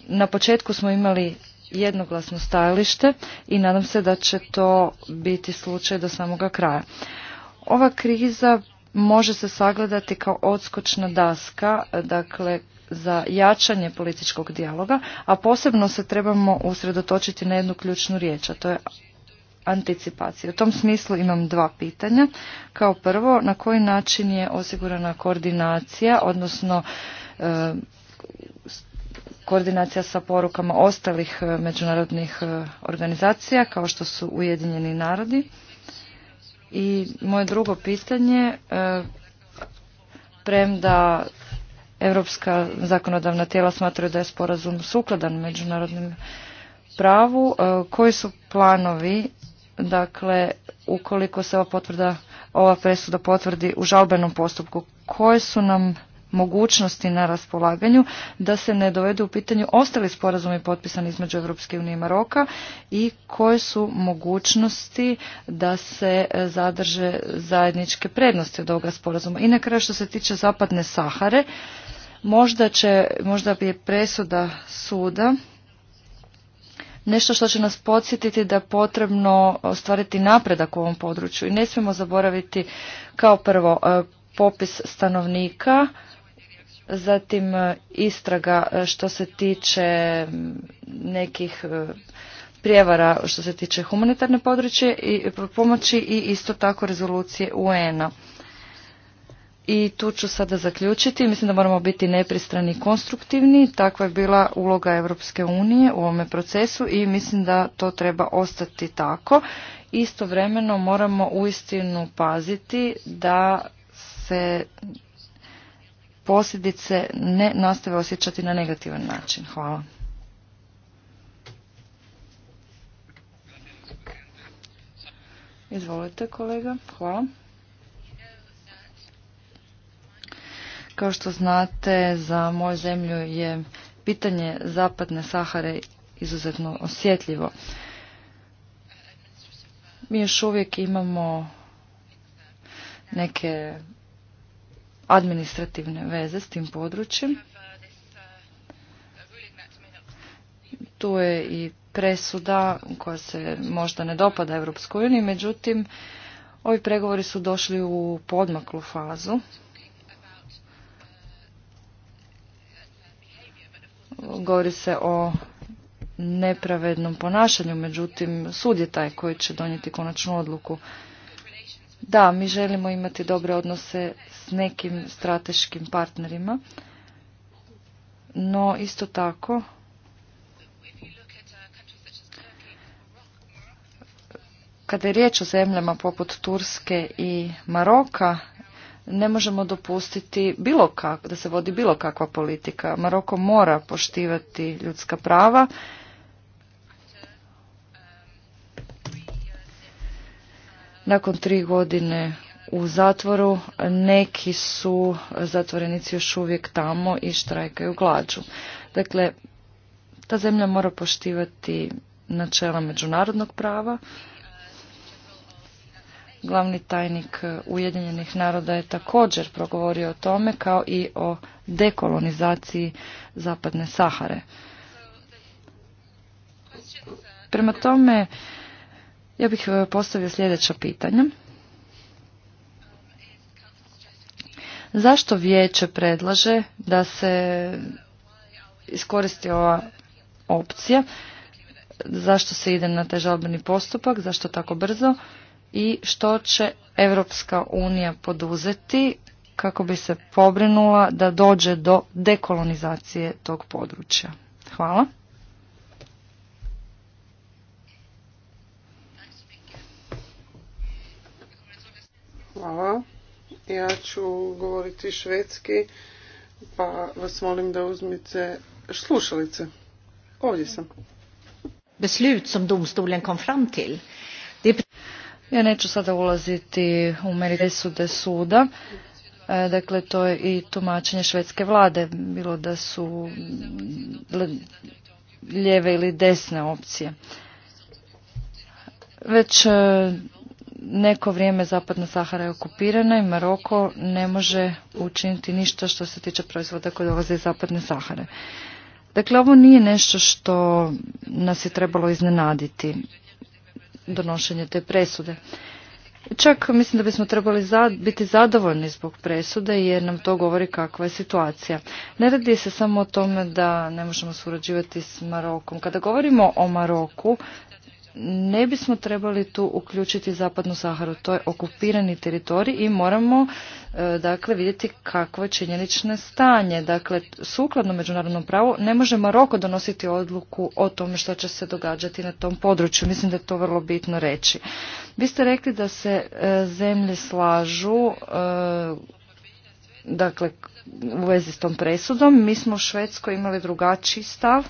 na početku smo imali jednoglasno stajalište i nadam se da će to biti slučaj do samoga kraja. Ova kriza može se sagledati kao odskočna daska, dakle za jačanje političkog dijaloga, a posebno se trebamo usredotočiti na jednu ključnu riječ, a to je anticipacija. U tom smislu imam dva pitanja. Kao prvo, na koji način je osigurana koordinacija, odnosno e, koordinacija sa porukama ostalih e, međunarodnih e, organizacija, kao što su Ujedinjeni narodi? I moje drugo pitanje, e, premda europska zakonodavna tijela smatraju da je sporazum sukladan međunarodnim pravu, e, koji su planovi, dakle, ukoliko se ova potvrda, ova presuda potvrdi u žalbenom postupku, koje su nam mogućnosti na raspolaganju da se ne dovedu u pitanju ostali sporazumi potpisani između Europske unije i Maroka i koje su mogućnosti da se e, zadrže zajedničke prednosti od ovoga sporazuma. I na kraju što se tiče zapadne Sahare, možda, će, možda bi je presuda suda nešto što će nas podsjetiti da je potrebno ostvariti napredak u ovom području i ne smijemo zaboraviti kao prvo e, popis stanovnika zatim e, istraga e, što se tiče nekih e, prijevara što se tiče humanitarne područje i pomoći i isto tako rezolucije UN-a. I tu ću sada zaključiti. Mislim da moramo biti nepristrani i konstruktivni. Takva je bila uloga Europske unije u ovome procesu i mislim da to treba ostati tako. Istovremeno moramo uistinu paziti da se posljedice ne nastave osjećati na negativan način. Hvala. Izvolite kolega, hvala. Kao što znate, za moju zemlju je pitanje zapadne Sahare izuzetno osjetljivo. Mi još uvijek imamo neke administrativne veze s tim područjem. Tu je i presuda koja se možda ne dopada Europskoj uniji, međutim ovi pregovori su došli u podmaklu fazu. Govori se o nepravednom ponašanju, međutim sud je taj koji će donijeti konačnu odluku. Da, mi želimo imati dobre odnose s nekim strateškim partnerima, no isto tako kada je riječ o zemljama poput Turske i Maroka, ne možemo dopustiti bilo kak, da se vodi bilo kakva politika. Maroko mora poštivati ljudska prava Nakon tri godine u zatvoru neki su zatvorenici još uvijek tamo i štrajkaju glađu. Dakle, ta zemlja mora poštivati načela međunarodnog prava. Glavni tajnik Ujedinjenih naroda je također progovorio o tome kao i o dekolonizaciji zapadne Sahare. Prema tome, ja bih e, postavio sljedeća pitanja. Zašto vijeće predlaže da se iskoristi ova opcija? Zašto se ide na taj žalbeni postupak? Zašto tako brzo? I što će Europska unija poduzeti kako bi se pobrinula da dođe do dekolonizacije tog područja? Hvala. Hvala. Ja ću govoriti švedski, pa vas molim da uzmite slušalice. Ovdje sam. Beslut som domstolen kom fram till. Ja neću sada ulaziti u meritesude suda. E, dakle, to je i tumačenje švedske vlade, bilo da su lijeve ili desne opcije. Već e, neko vrijeme zapadna Sahara je okupirana i Maroko ne može učiniti ništa što se tiče proizvoda koji dolaze iz zapadne Sahare. Dakle, ovo nije nešto što nas je trebalo iznenaditi, donošenje te presude. Čak mislim da bismo trebali biti zadovoljni zbog presude jer nam to govori kakva je situacija. Ne radi se samo o tome da ne možemo surađivati s Marokom. Kada govorimo o Maroku, ne bismo trebali tu uključiti zapadnu Saharu. To je okupirani teritorij i moramo e, dakle vidjeti kakvo je činjenično stanje. Dakle, sukladno međunarodnom pravu ne može Maroko donositi odluku o tome što će se događati na tom području. Mislim da je to vrlo bitno reći. Vi ste rekli da se e, zemlje slažu e, dakle u vezi s tom presudom. Mi smo u Švedskoj imali drugačiji stav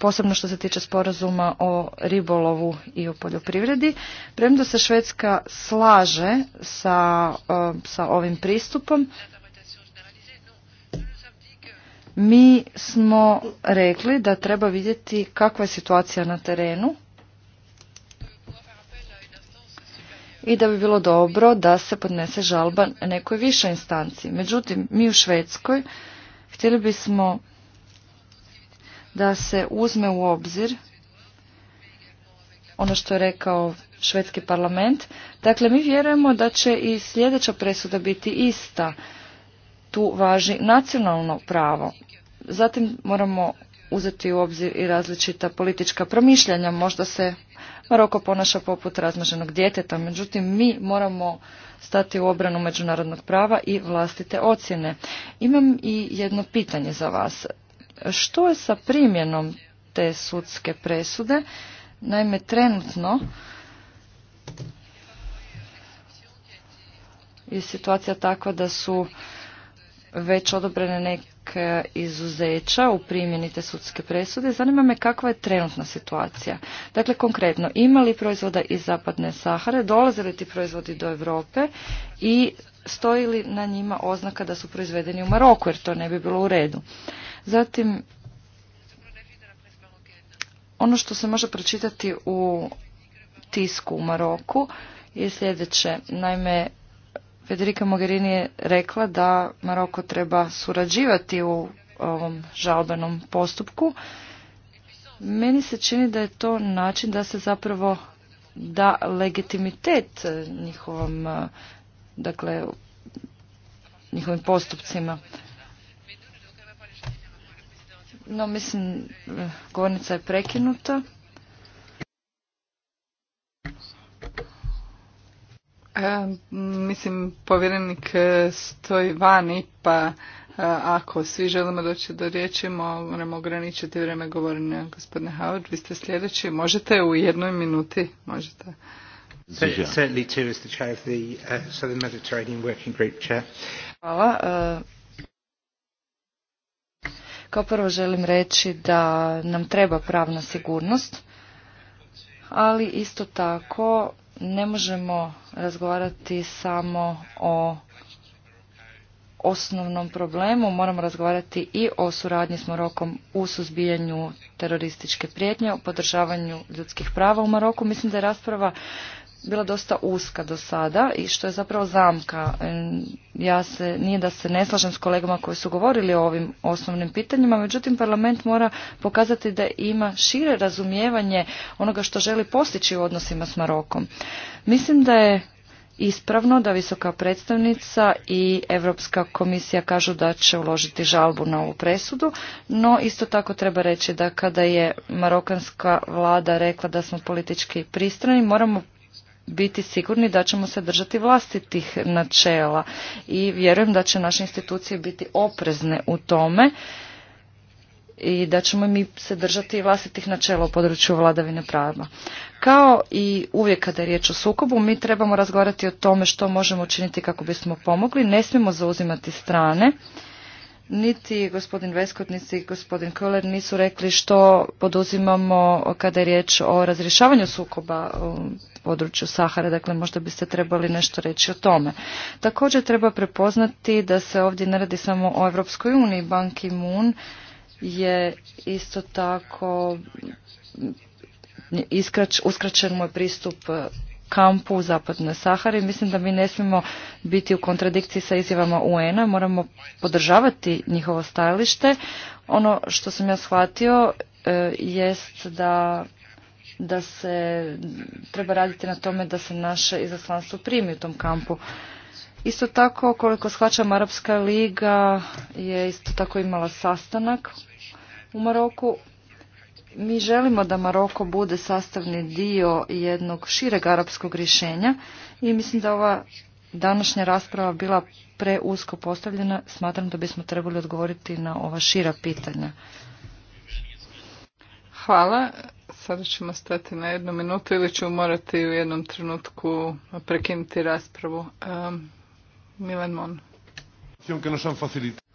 posebno što se tiče sporazuma o ribolovu i o poljoprivredi. Premda se Švedska slaže sa, e, sa ovim pristupom, mi smo rekli da treba vidjeti kakva je situacija na terenu i da bi bilo dobro da se podnese žalba nekoj višoj instanci. Međutim, mi u Švedskoj htjeli bismo da se uzme u obzir ono što je rekao švedski parlament. Dakle, mi vjerujemo da će i sljedeća presuda biti ista. Tu važi nacionalno pravo. Zatim moramo uzeti u obzir i različita politička promišljanja. Možda se Maroko ponaša poput razmaženog djeteta, međutim mi moramo stati u obranu međunarodnog prava i vlastite ocjene. Imam i jedno pitanje za vas. Što je sa primjenom te sudske presude? Naime, trenutno je situacija takva da su već odobrene neke izuzeća u primjeni te sudske presude. Zanima me kakva je trenutna situacija. Dakle, konkretno, ima li proizvoda iz Zapadne Sahare, dolaze li ti proizvodi do Europe i stoji li na njima oznaka da su proizvedeni u Maroku, jer to ne bi bilo u redu. Zatim, ono što se može pročitati u tisku u Maroku je sljedeće. Naime, Federica Mogherini je rekla da Maroko treba surađivati u ovom žalbenom postupku. Meni se čini da je to način da se zapravo da legitimitet njihovom, dakle, njihovim postupcima. No, mislim, govornica je prekinuta. E, mislim, povjerenik e, stoji vani, pa e, ako svi želimo doći do riječi, moramo ograničiti vrijeme govorenja. Gospodine Howard, vi ste sljedeći. Možete u jednoj minuti? Možete. Hvala. Kao prvo želim reći da nam treba pravna sigurnost, ali isto tako ne možemo razgovarati samo o osnovnom problemu. Moramo razgovarati i o suradnji s Marokom u suzbijanju terorističke prijetnje, o podržavanju ljudskih prava u Maroku. Mislim da je rasprava bila dosta uska do sada i što je zapravo zamka. E, ja se, nije da se ne slažem s kolegama koji su govorili o ovim osnovnim pitanjima, međutim parlament mora pokazati da ima šire razumijevanje onoga što želi postići u odnosima s Marokom. Mislim da je ispravno da visoka predstavnica i Europska komisija kažu da će uložiti žalbu na ovu presudu, no isto tako treba reći da kada je marokanska vlada rekla da smo politički pristrani, moramo biti sigurni da ćemo se držati vlastitih načela i vjerujem da će naše institucije biti oprezne u tome i da ćemo mi se držati vlastitih načela u području vladavine prava. Kao i uvijek kada je riječ o sukobu, mi trebamo razgovarati o tome što možemo učiniti kako bismo pomogli. Ne smijemo zauzimati strane. Niti gospodin Veskot, niti gospodin Köhler nisu rekli što poduzimamo kada je riječ o razrješavanju sukoba um, području Sahara, dakle možda biste trebali nešto reći o tome. Također treba prepoznati da se ovdje ne radi samo o Europskoj uniji, Banki moon je isto tako iskrač, uskraćen moj pristup kampu u zapadnoj Sahari. Mislim da mi ne smijemo biti u kontradikciji sa izjavama UN-a, moramo podržavati njihovo stajalište. Ono što sam ja shvatio e, jest da da se treba raditi na tome da se naše izaslanstvo primi u tom kampu. Isto tako, koliko shvaćam, Arapska liga je isto tako imala sastanak u Maroku. Mi želimo da Maroko bude sastavni dio jednog šireg arapskog rješenja i mislim da ova današnja rasprava bila preusko postavljena. Smatram da bismo trebali odgovoriti na ova šira pitanja. Hvala. Sada ćemo stati na jednu minutu ili ćemo morati u jednom trenutku prekinuti raspravu. Milan Mon.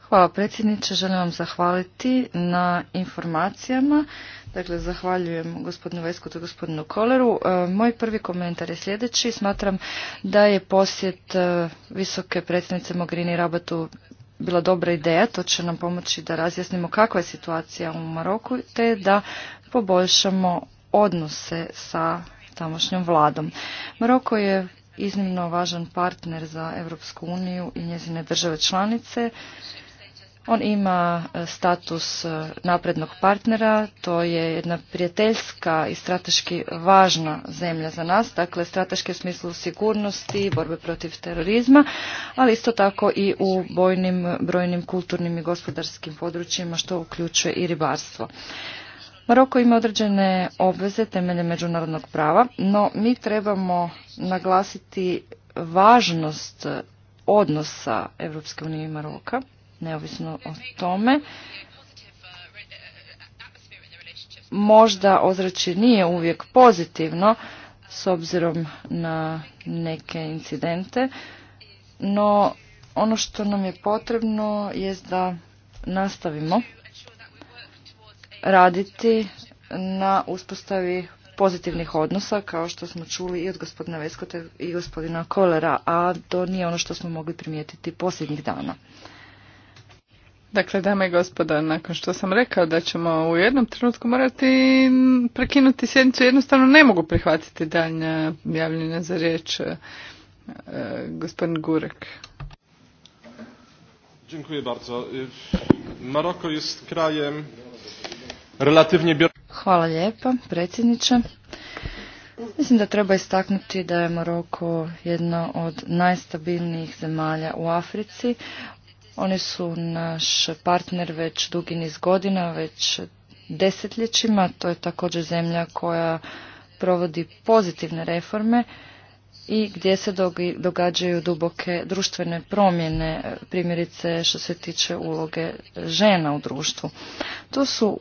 Hvala predsjedniče, želim vam zahvaliti na informacijama. Dakle, zahvaljujem gospodinu Veskutu i gospodinu Koleru. E, moj prvi komentar je sljedeći. Smatram da je posjet e, visoke predsjednice Mogrini Rabatu bila dobra ideja, to će nam pomoći da razjasnimo kakva je situacija u Maroku, te da poboljšamo odnose sa tamošnjom vladom. Maroko je iznimno važan partner za Europsku uniju i njezine države članice. On ima e, status e, naprednog partnera, to je jedna prijateljska i strateški važna zemlja za nas, dakle strateški u smislu sigurnosti, borbe protiv terorizma, ali isto tako i u bojnim, brojnim kulturnim i gospodarskim područjima što uključuje i ribarstvo. Maroko ima određene obveze temelje međunarodnog prava, no mi trebamo naglasiti važnost odnosa Europske unije i Maroka, neovisno o tome. Možda ozračje nije uvijek pozitivno s obzirom na neke incidente, no ono što nam je potrebno je da nastavimo raditi na uspostavi pozitivnih odnosa, kao što smo čuli i od gospodina Veskote i gospodina Kolera, a to nije ono što smo mogli primijetiti posljednjih dana. Dakle, dame i gospoda, nakon što sam rekao da ćemo u jednom trenutku morati prekinuti sjednicu, jednostavno ne mogu prihvatiti daljnje javljenja za riječ. E, gospodin Gurek. Dziękuję bardzo. Maroko jest krajem Hvala lijepa, predsjedniče. Mislim da treba istaknuti da je Maroko jedna od najstabilnijih zemalja u Africi. Oni su naš partner već dugi niz godina, već desetljećima. To je također zemlja koja provodi pozitivne reforme i gdje se događaju duboke društvene promjene, primjerice što se tiče uloge žena u društvu. To su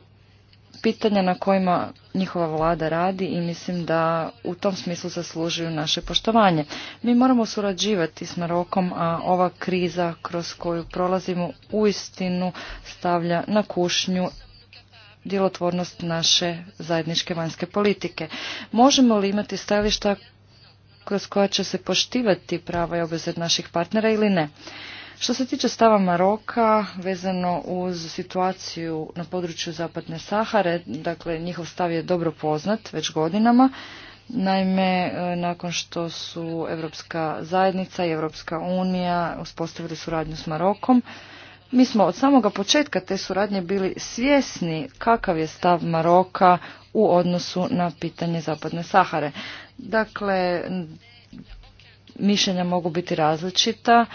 pitanja na kojima njihova vlada radi i mislim da u tom smislu zaslužuju naše poštovanje. Mi moramo surađivati s Marokom, a ova kriza kroz koju prolazimo uistinu stavlja na kušnju djelotvornost naše zajedničke vanjske politike. Možemo li imati stajališta kroz koja će se poštivati prava i obveze naših partnera ili ne? Što se tiče stava Maroka vezano uz situaciju na području Zapadne Sahare, dakle njihov stav je dobro poznat već godinama. Naime, e, nakon što su Europska zajednica i Europska unija uspostavili suradnju s Marokom, mi smo od samoga početka te suradnje bili svjesni kakav je stav Maroka u odnosu na pitanje Zapadne Sahare. Dakle, mišljenja mogu biti različita,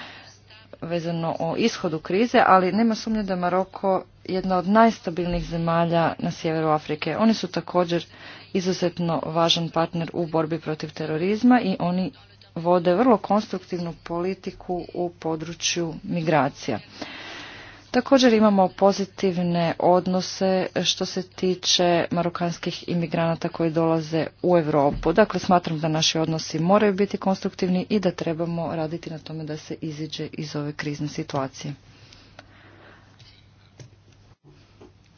vezano o ishodu krize, ali nema sumnje da je Maroko jedna od najstabilnijih zemalja na sjeveru Afrike. Oni su također izuzetno važan partner u borbi protiv terorizma i oni vode vrlo konstruktivnu politiku u području migracija. Također imamo pozitivne odnose što se tiče marokanskih imigranata koji dolaze u Europu. Dakle, smatram da naši odnosi moraju biti konstruktivni i da trebamo raditi na tome da se iziđe iz ove krizne situacije.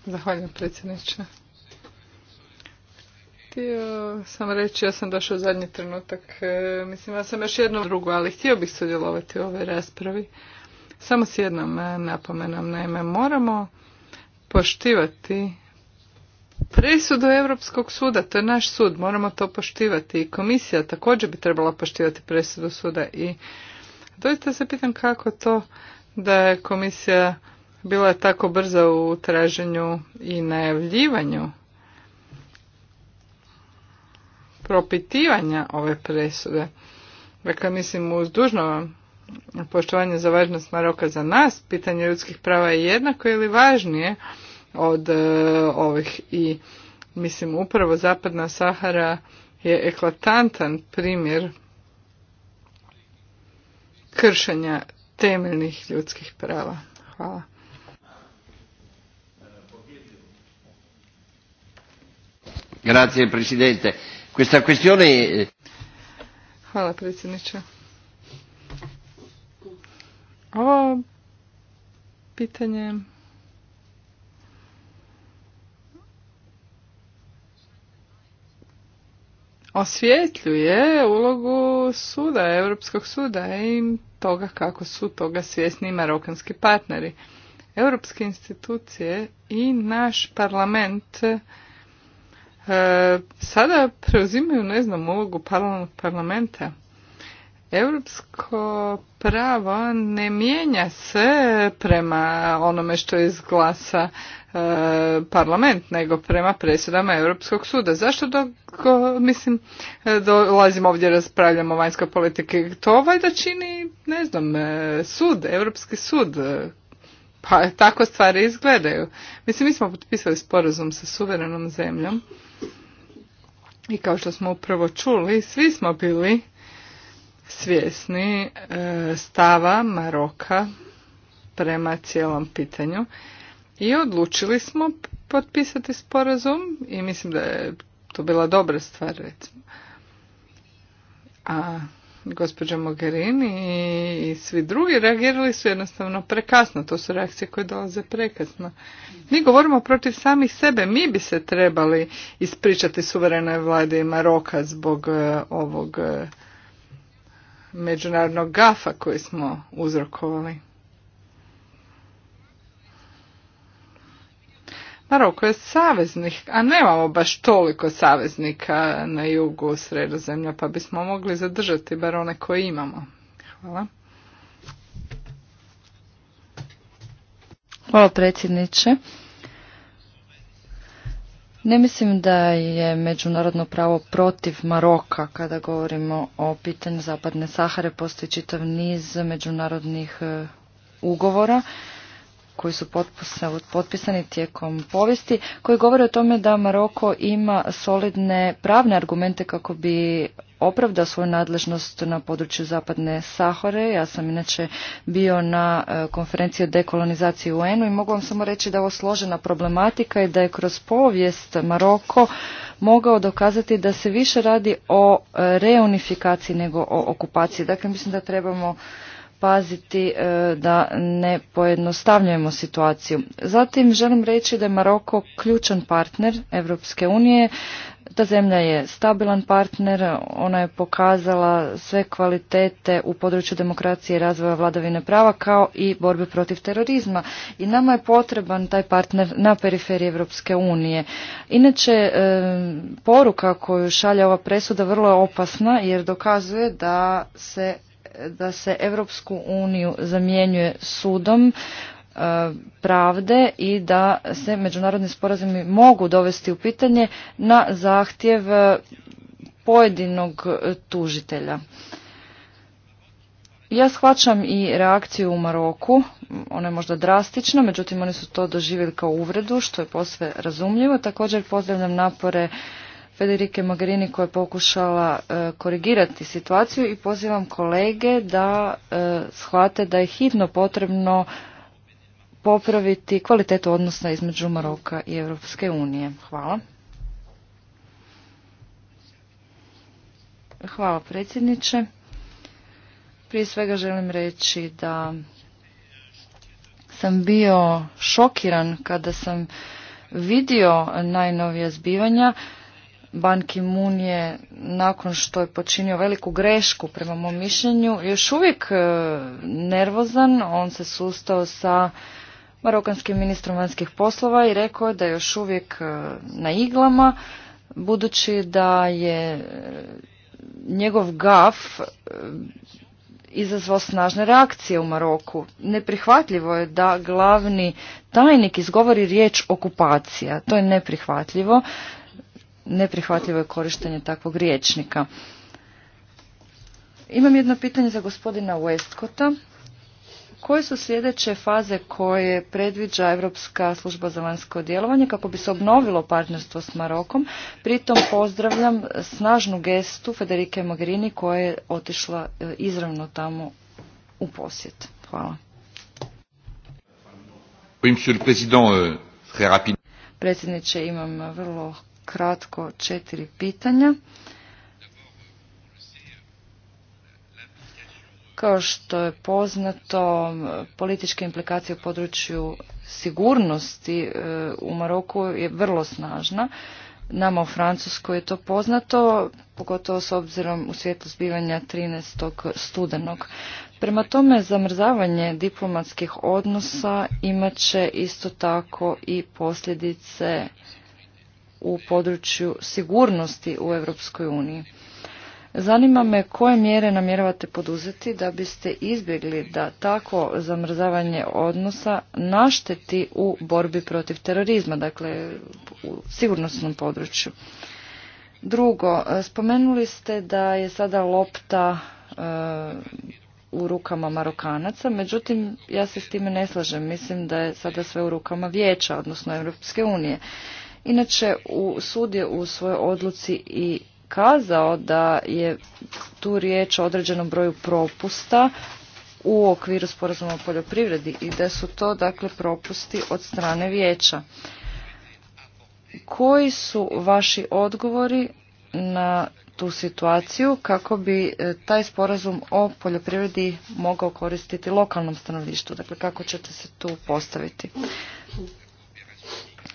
Zahvaljujem predsjedniče. Htio sam reći, ja sam došao u zadnji trenutak, e, mislim ja sam još jedno drugo, ali htio bih sudjelovati u ovoj raspravi. Samo s jednom e, napomenom, naime, moramo poštivati presudu Europskog suda, to je naš sud, moramo to poštivati i komisija također bi trebala poštivati presudu suda i doista se pitam kako to da je komisija bila tako brza u traženju i najavljivanju propitivanja ove presude. Dakle, mislim, uz dužno poštovanje za važnost Maroka za nas, pitanje ljudskih prava je jednako ili važnije od e, ovih i mislim upravo zapadna Sahara je eklatantan primjer kršenja temeljnih ljudskih prava. Hvala. Grazie Presidente. Questa questione... Eh, Hvala predsjedniče. Ovo pitanje osvjetljuje ulogu suda, Europskog suda i toga kako su toga svjesni marokanski partneri. Europske institucije i naš parlament e, sada preuzimaju, ne znam, ulogu parlamenta. Europsko pravo ne mijenja se prema onome što izglasa e, parlament, nego prema presudama Europskog suda. Zašto dok, mislim, e, dolazimo ovdje, raspravljamo o vanjskoj politike? To ovaj da čini, ne znam, e, sud, Europski sud. Pa tako stvari izgledaju. Mislim, mi smo potpisali sporazum sa suverenom zemljom i kao što smo upravo čuli, svi smo bili svjesni e, stava Maroka prema cijelom pitanju i odlučili smo potpisati sporazum i mislim da je to bila dobra stvar recimo. A gospođa Mogherini i svi drugi reagirali su jednostavno prekasno. To su reakcije koje dolaze prekasno. Mi govorimo protiv samih sebe. Mi bi se trebali ispričati suverenoj vladi Maroka zbog e, ovog e, međunarodnog gafa koji smo uzrokovali. Maroko je saveznik, a nemamo baš toliko saveznika na jugu sredozemlja, pa bismo mogli zadržati bar one koje imamo. Hvala. Hvala predsjedniče. Ne mislim da je međunarodno pravo protiv Maroka kada govorimo o pitanju Zapadne Sahare. Postoji čitav niz međunarodnih e, ugovora koji su potpisani tijekom povijesti, koji govore o tome da Maroko ima solidne pravne argumente kako bi opravda svoju nadležnost na području zapadne Sahore. Ja sam inače bio na e, konferenciji o dekolonizaciji UN-u i mogu vam samo reći da je ovo složena problematika i da je kroz povijest Maroko mogao dokazati da se više radi o e, reunifikaciji nego o okupaciji. Dakle, mislim da trebamo paziti e, da ne pojednostavljujemo situaciju. Zatim želim reći da je Maroko ključan partner Europske unije ta zemlja je stabilan partner, ona je pokazala sve kvalitete u području demokracije i razvoja vladavine prava kao i borbe protiv terorizma i nama je potreban taj partner na periferiji Europske unije. Inače poruka koju šalja ova presuda vrlo je opasna jer dokazuje da se da se Europsku uniju zamjenjuje sudom E, pravde i da se međunarodni sporazumi mogu dovesti u pitanje na zahtjev pojedinog tužitelja. Ja shvaćam i reakciju u Maroku, ona je možda drastična, međutim oni su to doživjeli kao uvredu, što je posve razumljivo. Također pozdravljam napore Federike Magrini koja je pokušala e, korigirati situaciju i pozivam kolege da e, shvate da je hitno potrebno popraviti kvalitetu odnosa između Maroka i Europske unije. Hvala. Hvala predsjedniče. Prije svega želim reći da sam bio šokiran kada sam vidio najnovija zbivanja. Ban ki je nakon što je počinio veliku grešku prema mom mišljenju još uvijek e, nervozan. On se sustao sa marokanskim ministrom vanjskih poslova i rekao je da je još uvijek e, na iglama, budući da je e, njegov gaf e, izazvao snažne reakcije u Maroku. Neprihvatljivo je da glavni tajnik izgovori riječ okupacija. To je neprihvatljivo. Neprihvatljivo je korištenje takvog riječnika. Imam jedno pitanje za gospodina Westcota. Koje su sljedeće faze koje predviđa Europska služba za vanjsko djelovanje kako bi se obnovilo partnerstvo s Marokom? Pritom pozdravljam snažnu gestu Federike Magrini koja je otišla e, izravno tamo u posjet. Hvala. Euh, Predsjedniče, imam vrlo kratko četiri pitanja. Kao što je poznato, političke implikacije u području sigurnosti e, u Maroku je vrlo snažna. Nama u Francuskoj je to poznato, pogotovo s obzirom u svijetu zbivanja 13. studenog. Prema tome, zamrzavanje diplomatskih odnosa imat će isto tako i posljedice u području sigurnosti u Europskoj uniji. Zanima me koje mjere namjeravate poduzeti da biste izbjegli da tako zamrzavanje odnosa našteti u borbi protiv terorizma, dakle u sigurnosnom području. Drugo, spomenuli ste da je sada lopta e, u rukama Marokanaca, međutim ja se s time ne slažem. Mislim da je sada sve u rukama Vijeća, odnosno Europske unije. Inače, u sud je u svojoj odluci i kazao da je tu riječ o određenom broju propusta u okviru sporazuma o poljoprivredi i da su to dakle propusti od strane vijeća. Koji su vaši odgovori na tu situaciju kako bi e, taj sporazum o poljoprivredi mogao koristiti lokalnom stanovništvu? Dakle, kako ćete se tu postaviti?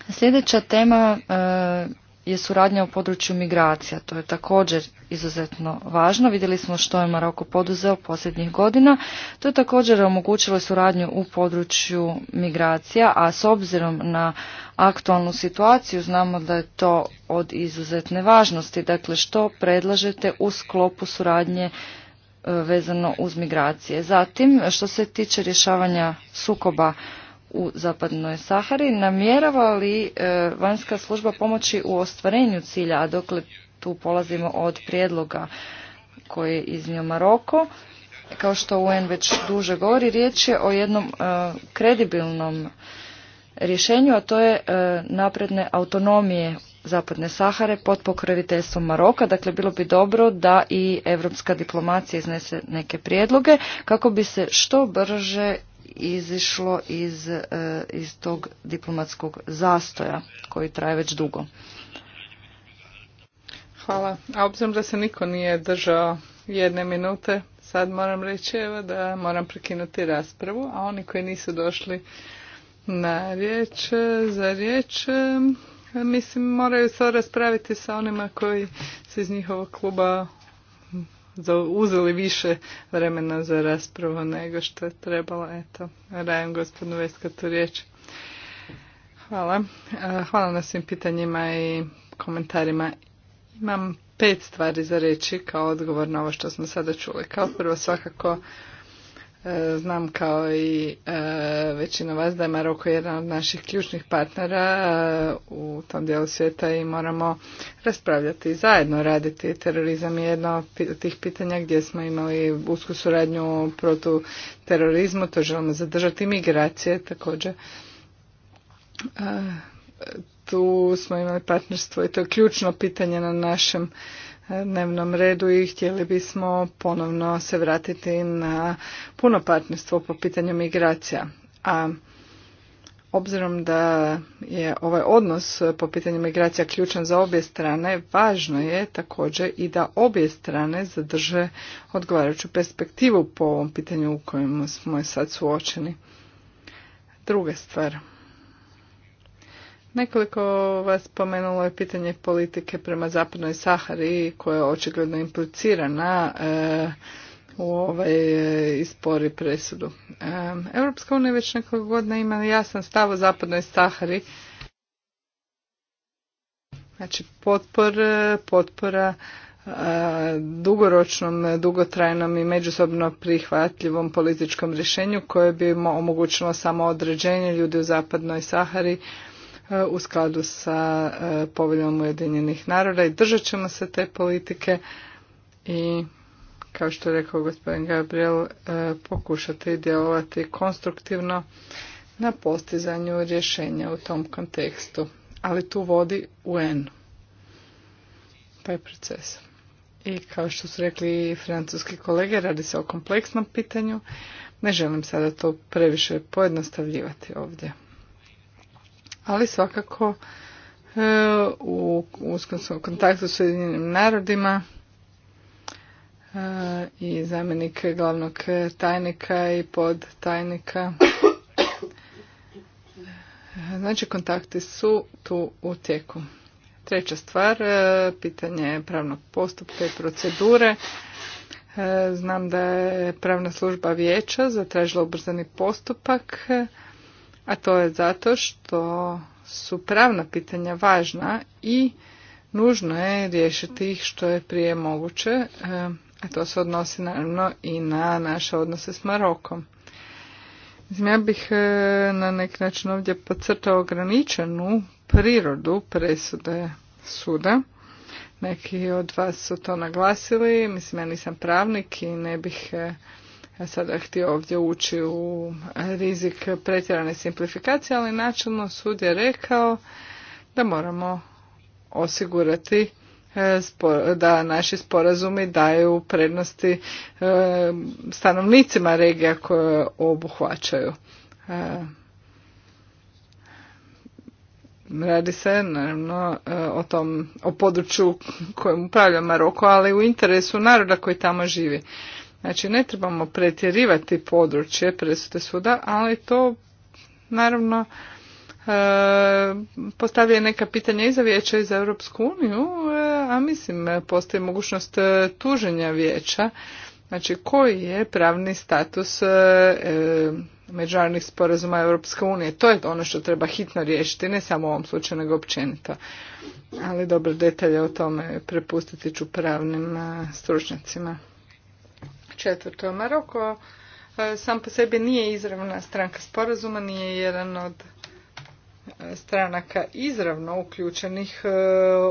Sljedeća tema e, je suradnja u području migracija. To je također izuzetno važno. Vidjeli smo što je Maroko poduzeo posljednjih godina. To je također omogućilo suradnju u području migracija, a s obzirom na aktualnu situaciju znamo da je to od izuzetne važnosti. Dakle, što predlažete u sklopu suradnje e, vezano uz migracije. Zatim, što se tiče rješavanja sukoba u zapadnoj Sahari. Namjerava li e, vanjska služba pomoći u ostvarenju cilja, a dokle tu polazimo od prijedloga koji je iznio Maroko, kao što UN već duže govori, riječ je o jednom e, kredibilnom rješenju, a to je e, napredne autonomije Zapadne Sahare pod pokroviteljstvom Maroka. Dakle, bilo bi dobro da i evropska diplomacija iznese neke prijedloge kako bi se što brže izišlo iz, e, iz tog diplomatskog zastoja koji traje već dugo. Hvala. A obzirom da se niko nije držao jedne minute, sad moram reći evo da moram prekinuti raspravu, a oni koji nisu došli na riječ, za riječ, e, mislim moraju se raspraviti sa onima koji se iz njihovog kluba uzeli više vremena za raspravu nego što je trebalo. Eto, rajem gospodinu tu riječ. Hvala. E, hvala na svim pitanjima i komentarima. Imam pet stvari za reći kao odgovor na ovo što smo sada čuli. Kao prvo svakako E, znam kao i e, većina vas da je Maroko jedan od naših ključnih partnera e, u tom dijelu svijeta i moramo raspravljati i zajedno raditi. Terorizam je jedno od tih pitanja gdje smo imali usku suradnju protu terorizmu, to želimo zadržati migracije također. Tu smo imali partnerstvo i to je ključno pitanje na našem dnevnom redu i htjeli bismo ponovno se vratiti na puno partnerstvo po pitanju migracija. A obzirom da je ovaj odnos po pitanju migracija ključan za obje strane, važno je također i da obje strane zadrže odgovarajuću perspektivu po ovom pitanju u kojem smo sad suočeni. Druga stvar – Nekoliko vas spomenulo je pitanje politike prema Zapadnoj Sahari koja je očigledno implicirana eh, u ovaj e, eh, ispori presudu. E, Europska unija već nekoliko godina ima jasan stav o Zapadnoj Sahari. Znači potpor, potpora dugoročnom, dugotrajnom i međusobno prihvatljivom političkom rješenju koje bi omogućilo samo određenje ljudi u Zapadnoj Sahari E, u skladu sa e, poveljom Ujedinjenih naroda i držat ćemo se te politike i kao što je rekao gospodin Gabriel e, pokušati djelovati konstruktivno na postizanju rješenja u tom kontekstu. Ali tu vodi UN taj proces. I kao što su rekli francuski kolege, radi se o kompleksnom pitanju. Ne želim sada to previše pojednostavljivati ovdje ali svakako e, u uskom kontaktu s Ujedinjenim narodima e, i zamjenik glavnog tajnika i pod tajnika. E, znači kontakti su tu u tijeku. Treća stvar, pitanje pravnog postupka i procedure. Znam da je pravna služba vijeća zatražila ubrzani postupak a to je zato što su pravna pitanja važna i nužno je riješiti ih što je prije moguće, e, a to se odnosi naravno i na naše odnose s Marokom. ja bih e, na neki način ovdje podcrtao ograničenu prirodu presude suda. Neki od vas su to naglasili, mislim ja nisam pravnik i ne bih e, sada htio ovdje ući u rizik pretjerane simplifikacije, ali načelno sud je rekao da moramo osigurati e, da naši sporazumi daju prednosti e, stanovnicima regija koje obuhvaćaju. E, radi se naravno o tom o području kojem upravlja Maroko, ali u interesu naroda koji tamo živi. Znači ne trebamo pretjerivati područje presude suda, ali to naravno e, postavlja neka pitanja i za vijeća i za Europsku uniju, e, a mislim postoji mogućnost e, tuženja vijeća. Znači koji je pravni status međunarodnih sporazuma Europske unije. To je ono što treba hitno riješiti, ne samo u ovom slučaju, nego općenito. Ali dobro, detalje o tome prepustiti ću pravnim stručnjacima. Četvrto, Maroko e, sam po sebi nije izravna stranka sporazuma, nije jedan od e, stranaka izravno uključenih e,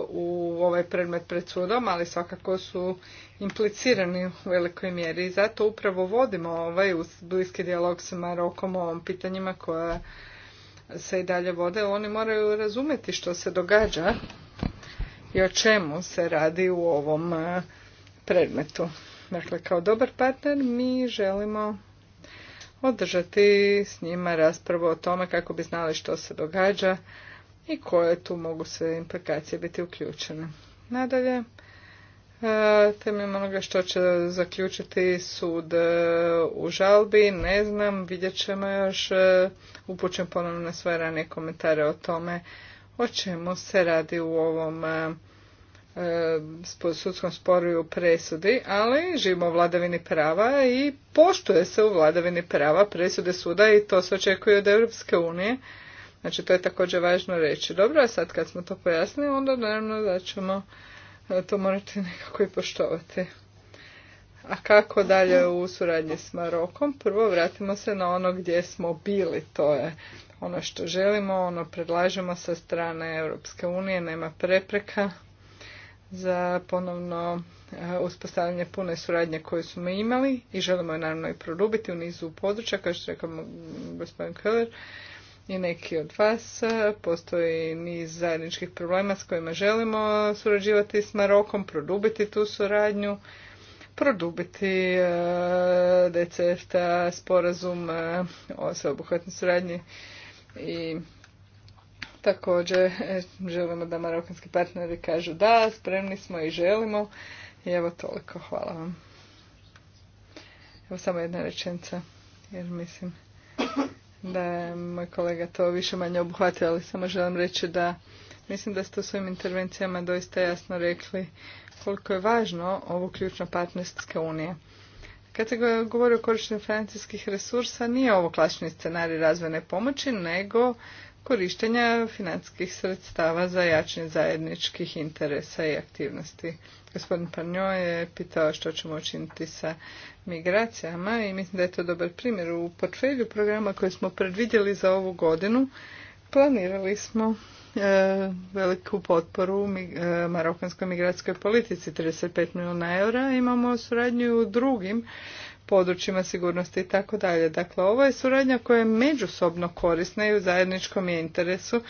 u ovaj predmet pred sudom, ali svakako su implicirani u velikoj mjeri. I zato upravo vodimo ovaj bliski dijalog sa Marokom o ovom pitanjima koja se i dalje vode. Oni moraju razumjeti što se događa i o čemu se radi u ovom predmetu. Dakle, kao dobar partner mi želimo održati s njima raspravu o tome kako bi znali što se događa i koje tu mogu sve implikacije biti uključene. Nadalje, e, temeljem onoga što će zaključiti sud e, u žalbi, ne znam, vidjet ćemo još, e, upućem ponovno na svoje rane komentare o tome o čemu se radi u ovom E, sudskom sporu i u presudi, ali živimo u vladavini prava i poštuje se u vladavini prava presude suda i to se očekuje od Europske unije. Znači to je također važno reći. Dobro, a sad kad smo to pojasnili, onda naravno da ćemo e, to morati nekako i poštovati. A kako dalje u suradnji s Marokom? Prvo vratimo se na ono gdje smo bili, to je ono što želimo, ono predlažemo sa strane Europske unije, nema prepreka za ponovno e, uspostavljanje pune suradnje koju smo imali i želimo je naravno i produbiti u nizu područja, kao što rekao gospodin Keller i neki od vas. E, postoji niz zajedničkih problema s kojima želimo surađivati s Marokom, produbiti tu suradnju, produbiti e, DCF-ta, sporazum o sveobuhvatnoj suradnji i Također e, želimo da marokanski partneri kažu da, spremni smo i želimo. I evo toliko, hvala vam. Evo samo jedna rečenica, jer mislim da je moj kolega to više manje obuhvatio, ali samo želim reći da mislim da ste u svojim intervencijama doista jasno rekli koliko je važno ovo ključno partnerske unije. Kad se govori o korištenju financijskih resursa, nije ovo klasični scenarij razvojne pomoći, nego korištenja financijskih sredstava za jačanje zajedničkih interesa i aktivnosti. Gospodin Parnjo je pitao što ćemo učiniti sa migracijama i mislim da je to dobar primjer. U portfelju programa koji smo predvidjeli za ovu godinu planirali smo E, veliku potporu e, marokanskoj migracijskoj politici 35 milijuna eura. Imamo suradnju u drugim područjima sigurnosti i tako dalje. Dakle, ovo je suradnja koja je međusobno korisna i u zajedničkom je interesu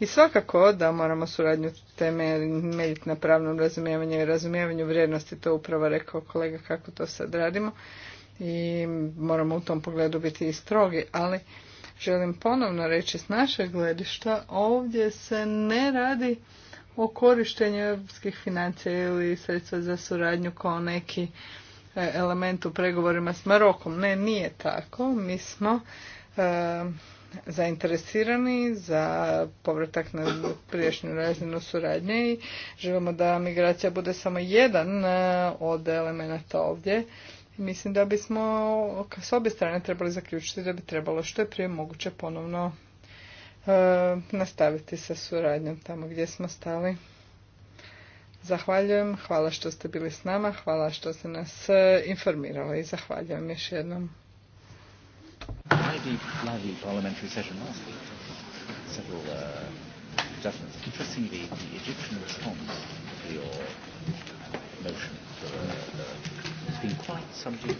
i svakako da moramo suradnju temeljiti na pravnom razumijevanju i razumijevanju vrijednosti, to upravo rekao kolega kako to sad radimo i moramo u tom pogledu biti i strogi, ali želim ponovno reći s našeg gledišta, ovdje se ne radi o korištenju europskih financija ili sredstva za suradnju kao neki e, element u pregovorima s Marokom. Ne, nije tako. Mi smo e, zainteresirani za povratak na priješnju razinu suradnje i želimo da migracija bude samo jedan e, od elemenata ovdje. Mislim da bismo s obje strane trebali zaključiti da bi trebalo što je prije moguće ponovno e, nastaviti sa suradnjom tamo gdje smo stali. Zahvaljujem, hvala što ste bili s nama, hvala što ste nas e, informirali i zahvaljujem još jednom been quite subdued.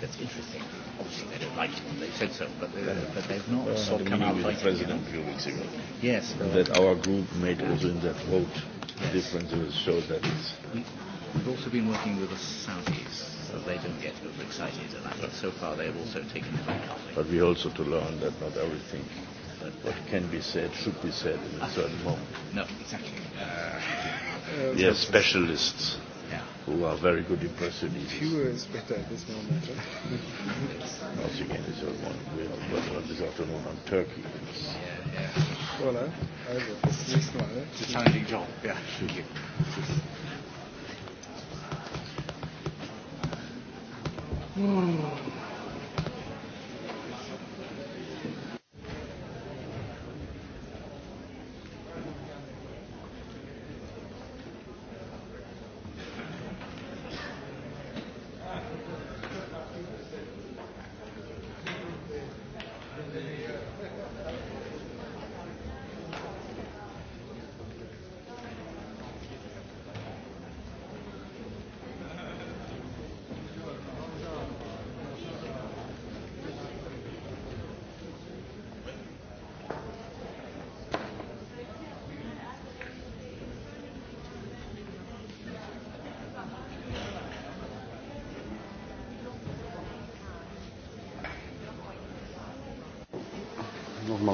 That's interesting. Obviously, they don't like it when they said so, but, they, but they've not sort of come out like president You few Yes. that our group made also in that vote. Yes. Differences show that it's. we've also been working with the Saudis so they don't get overexcited, and I think so far they've also taken it calmly. But we also to learn that not everything what can be said should be said in a certain moment. No, exactly. Uh, yes, specialists who are very good impersonators. Fewer is better at this moment. Once again, it's all one. We have got one this afternoon on Turkey. Yeah, yeah. Voilà. Also, bis zum nächsten It's a challenging job. Yeah. Thank you. Mm.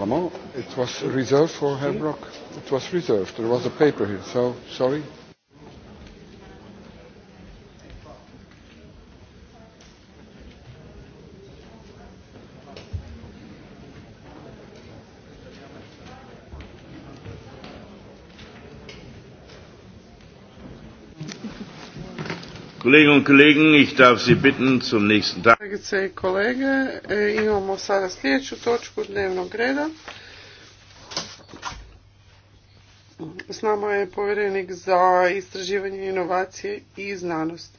Parliament. It was reserved for Herr Brock. It was reserved. There was a paper here, so sorry. Kolleginnen und Kollegen, ich darf Sie bitten, zum nächsten Tag kolegice i kolege. E, imamo sada sljedeću točku dnevnog reda. S nama je povjerenik za istraživanje inovacije i znanost.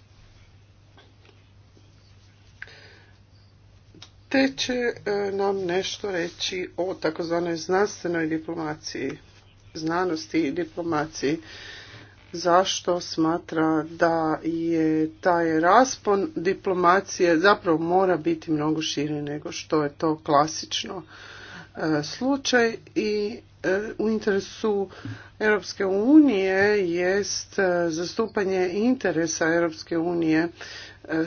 Te će e, nam nešto reći o takozvanoj znanstvenoj diplomaciji, znanosti i diplomaciji zašto smatra da je taj raspon diplomacije zapravo mora biti mnogo širi nego što je to klasično e, slučaj i e, u interesu Europske unije jest e, zastupanje interesa Europske unije.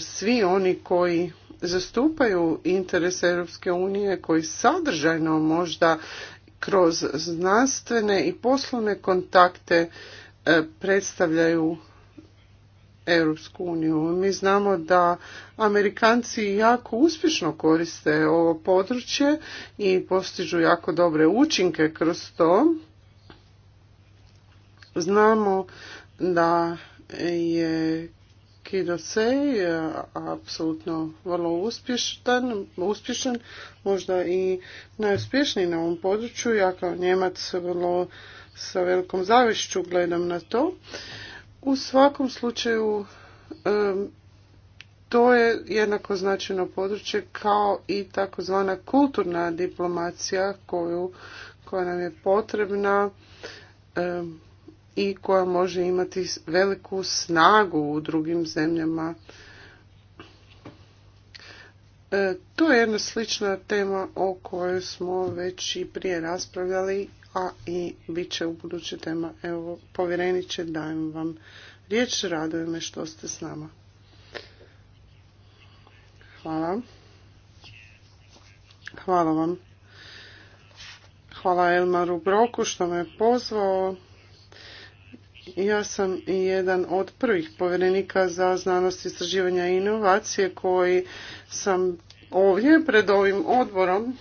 Svi oni koji zastupaju interese Europske unije koji sadržajno možda kroz znanstvene i poslovne kontakte E, predstavljaju Europsku uniju. Mi znamo da Amerikanci jako uspješno koriste ovo područje i postižu jako dobre učinke kroz to. Znamo da je Kidosej e, apsolutno vrlo uspješan, uspješan, možda i najuspješniji na ovom području. Ja kao Njemac vrlo sa velikom zavišću gledam na to. U svakom slučaju to je jednako značajno područje kao i takozvana kulturna diplomacija koju, koja nam je potrebna i koja može imati veliku snagu u drugim zemljama. E, to je jedna slična tema o kojoj smo već i prije raspravljali a i bit će u buduće tema. Evo, povjereniče, dajem vam riječ, raduje me što ste s nama. Hvala. Hvala vam. Hvala Elmaru Broku što me je pozvao. Ja sam jedan od prvih povjerenika za znanost, istraživanja i inovacije koji sam ovdje pred ovim odborom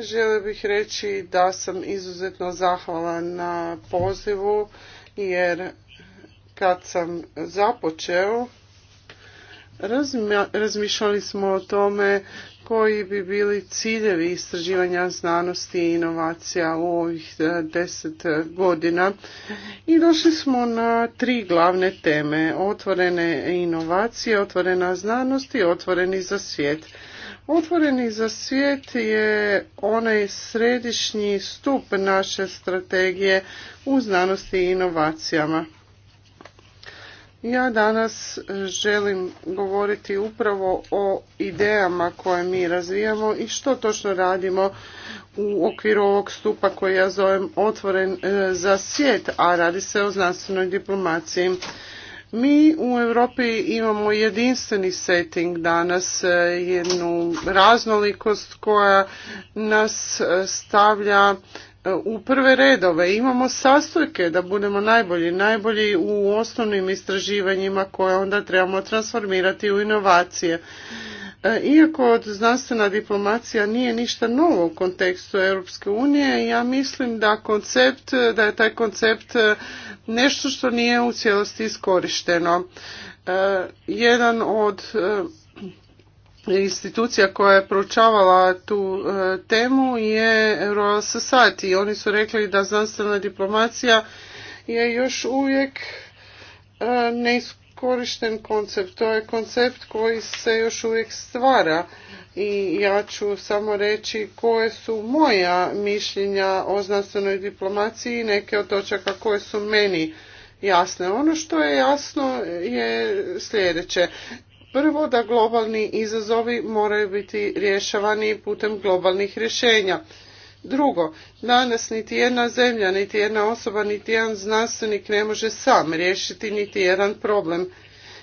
Želio bih reći da sam izuzetno zahvala na pozivu jer kad sam započeo razmišljali smo o tome koji bi bili ciljevi istraživanja znanosti i inovacija u ovih e, deset e, godina i došli smo na tri glavne teme otvorene inovacije, otvorena znanost i otvoreni za svijet. Otvoreni za svijet je onaj središnji stup naše strategije u znanosti i inovacijama. Ja danas želim govoriti upravo o idejama koje mi razvijamo i što točno radimo u okviru ovog stupa koji ja zovem otvoren e, za svijet, a radi se o znanstvenoj diplomaciji. Mi u Europi imamo jedinstveni setting danas, e, jednu raznolikost koja nas e, stavlja e, u prve redove. Imamo sastojke da budemo najbolji, najbolji u osnovnim istraživanjima koje onda trebamo transformirati u inovacije. E, iako od znanstvena diplomacija nije ništa novo u kontekstu Europske unije, ja mislim da koncept, da je taj koncept e, nešto što nije u cijelosti iskorišteno. E, jedan od institucija koja je proučavala tu temu je Royal Society i oni su rekli da znanstvena diplomacija je još uvijek neiskorištena korišten koncept. To je koncept koji se još uvijek stvara i ja ću samo reći koje su moja mišljenja o znanstvenoj diplomaciji i neke od točaka koje su meni jasne. Ono što je jasno je sljedeće. Prvo da globalni izazovi moraju biti rješavani putem globalnih rješenja. Drugo, danas niti jedna zemlja, niti jedna osoba, niti jedan znanstvenik ne može sam riješiti niti jedan problem.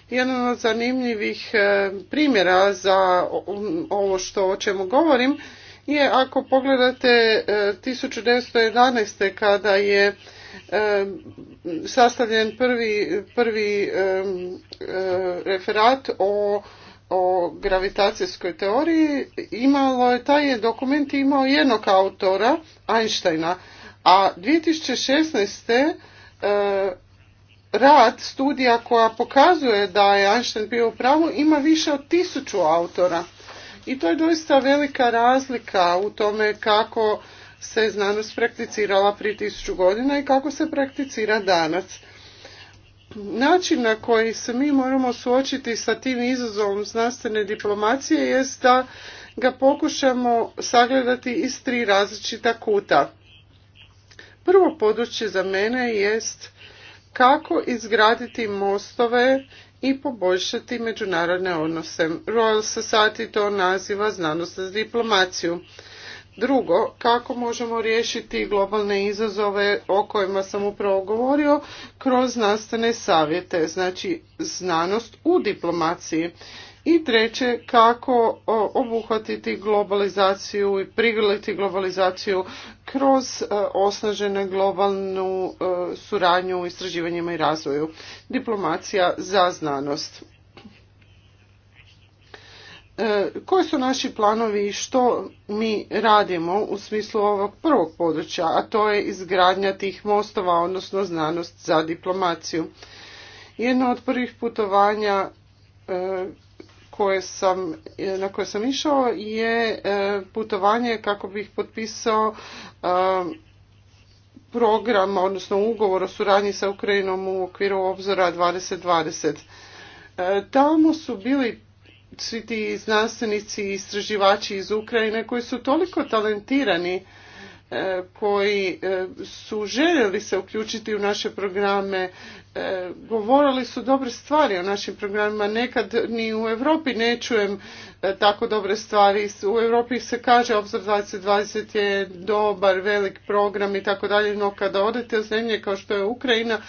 Jedan od zanimljivih e, primjera za ovo što o čemu govorim je ako pogledate 1911. E, kada je e, sastavljen prvi, prvi referat o o gravitacijskoj teoriji imalo je, taj je dokument imao jednog autora, Einsteina, a 2016. E, rad studija koja pokazuje da je Einstein bio u pravu ima više od tisuću autora. I to je doista velika razlika u tome kako se znanost prakticirala prije tisuću godina i kako se prakticira danas način na koji se mi moramo suočiti sa tim izazovom znanstvene diplomacije jest da ga pokušamo sagledati iz tri različita kuta. Prvo područje za mene jest kako izgraditi mostove i poboljšati međunarodne odnose. Royal Society to naziva znanost za diplomaciju. Drugo, kako možemo riješiti globalne izazove o kojima sam upravo govorio kroz znanstvene savjete, znači znanost u diplomaciji. I treće, kako obuhvatiti globalizaciju i prigrliti globalizaciju kroz e, osnažene globalnu e, suradnju u istraživanjima i razvoju. Diplomacija za znanost. E, koji su naši planovi i što mi radimo u smislu ovog prvog područja, a to je izgradnja tih mostova, odnosno znanost za diplomaciju. Jedno od prvih putovanja e, koje sam, na koje sam išao je e, putovanje kako bih potpisao program, odnosno ugovor o suradnji sa Ukrajinom u okviru obzora 2020. Tamo su bili svi ti znanstvenici i istraživači iz Ukrajine koji su toliko talentirani e, koji e, su željeli se uključiti u naše programe E, govorili su dobre stvari o našim programima. Nekad ni u Europi ne čujem e, tako dobre stvari. U Europi se kaže Obzor 2020 je dobar, velik program i tako dalje, no kada odete u zemlje kao što je Ukrajina,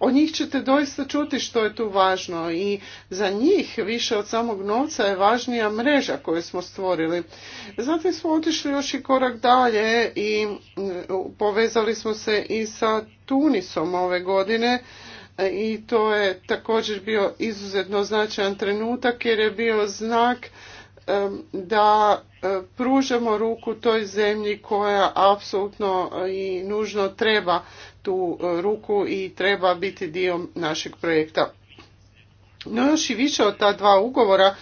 o njih ćete doista čuti što je tu važno i za njih više od samog novca je važnija mreža koju smo stvorili. Zatim smo otišli još i korak dalje i e, povezali smo se i sa Tunisom ove godine E, i to je također bio izuzetno značajan trenutak jer je bio znak e, da e, pružamo ruku toj zemlji koja apsolutno i nužno treba tu ruku i treba biti dio našeg projekta. No još i više od ta dva ugovora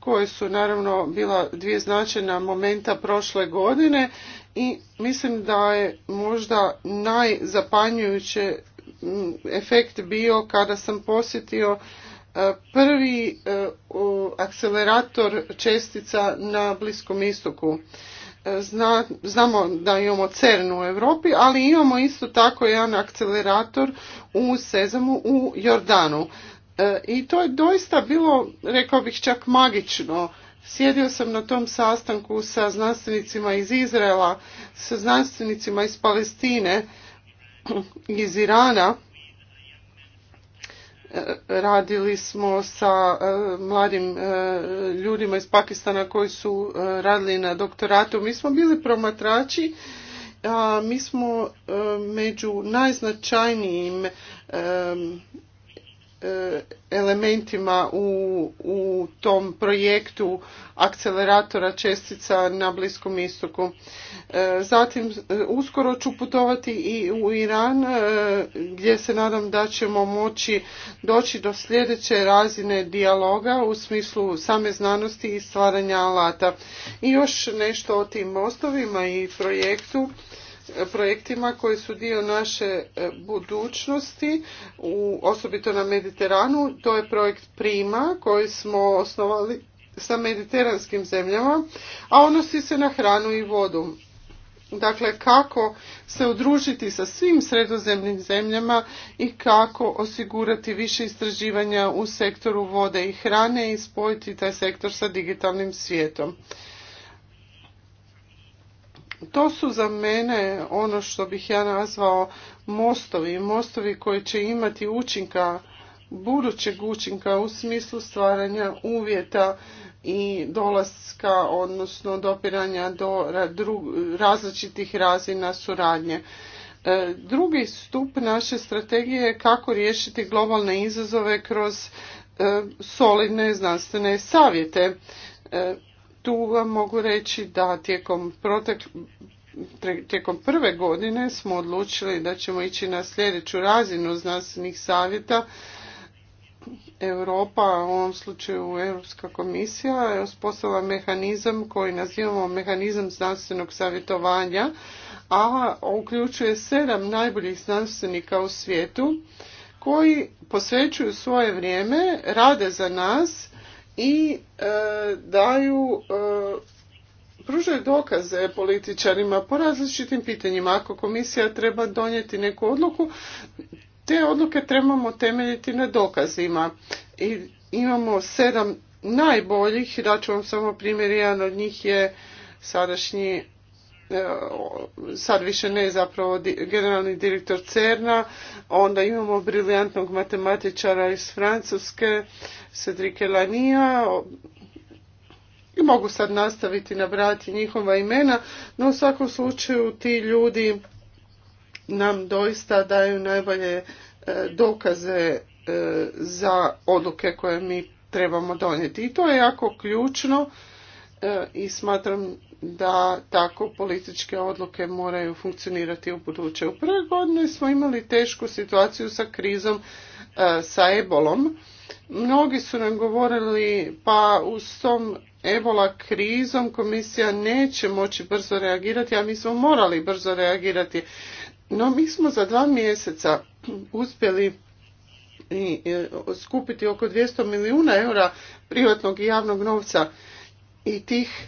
koje su naravno bila dvije značajna momenta prošle godine i mislim da je možda najzapanjujuće efekt bio kada sam posjetio e, prvi e, akcelerator čestica na Bliskom istoku. E, znamo da imamo CERN u Europi, ali imamo isto tako jedan akcelerator u Sezamu u Jordanu. I to je doista bilo, rekao bih čak magično. Sjedio sam na tom sastanku sa znanstvenicima iz Izraela, sa znanstvenicima iz Palestine, iz Irana e, radili smo sa e, mladim e, ljudima iz Pakistana koji su radili na doktoratu. Mi smo bili promatrači, a mi smo među najznačajnijim E, elementima u, u tom projektu akceleratora čestica na Bliskom istoku. E, zatim e, uskoro ću putovati i u Iran gdje se nadam da ćemo moći doći do sljedeće razine dijaloga u smislu same znanosti i stvaranja alata. I još nešto o tim mostovima i projektu projektima koji su dio naše e, budućnosti, u, osobito na Mediteranu. To je projekt Prima koji smo osnovali sa mediteranskim zemljama, a odnosi se na hranu i vodu. Dakle, kako se udružiti sa svim sredozemnim zemljama i kako osigurati više istraživanja u sektoru vode i hrane i spojiti taj sektor sa digitalnim svijetom to su za mene ono što bih ja nazvao mostovi, mostovi koji će imati učinka, budućeg učinka u smislu stvaranja uvjeta i dolaska, odnosno dopiranja do različitih razina suradnje. E, drugi stup naše strategije je kako riješiti globalne izazove kroz e, solidne znanstvene savjete e, tu vam mogu reći da tijekom protek, tijekom prve godine smo odlučili da ćemo ići na sljedeću razinu znanstvenih savjeta. Europa, u ovom slučaju Europska komisija, je uspostavila mehanizam koji nazivamo mehanizam znanstvenog savjetovanja, a uključuje sedam najboljih znanstvenika u svijetu koji posvećuju svoje vrijeme, rade za nas i e, daju e, pružaju dokaze političarima po različitim pitanjima. Ako komisija treba donijeti neku odluku, te odluke trebamo temeljiti na dokazima. I imamo sedam najboljih, ću vam samo primjer, jedan od njih je sadašnji sad više ne zapravo generalni direktor CERNA, onda imamo briljantnog matematičara iz Francuske, Cedric Elanija, i mogu sad nastaviti nabrati njihova imena, no u svakom slučaju ti ljudi nam doista daju najbolje e, dokaze e, za odluke koje mi trebamo donijeti. I to je jako ključno e, i smatram da tako političke odluke moraju funkcionirati u buduće. U prvoj godini smo imali tešku situaciju sa krizom e, sa ebolom. Mnogi su nam govorili pa uz tom ebola krizom komisija neće moći brzo reagirati, a mi smo morali brzo reagirati. No mi smo za dva mjeseca uspjeli e, skupiti oko 200 milijuna eura privatnog i javnog novca i tih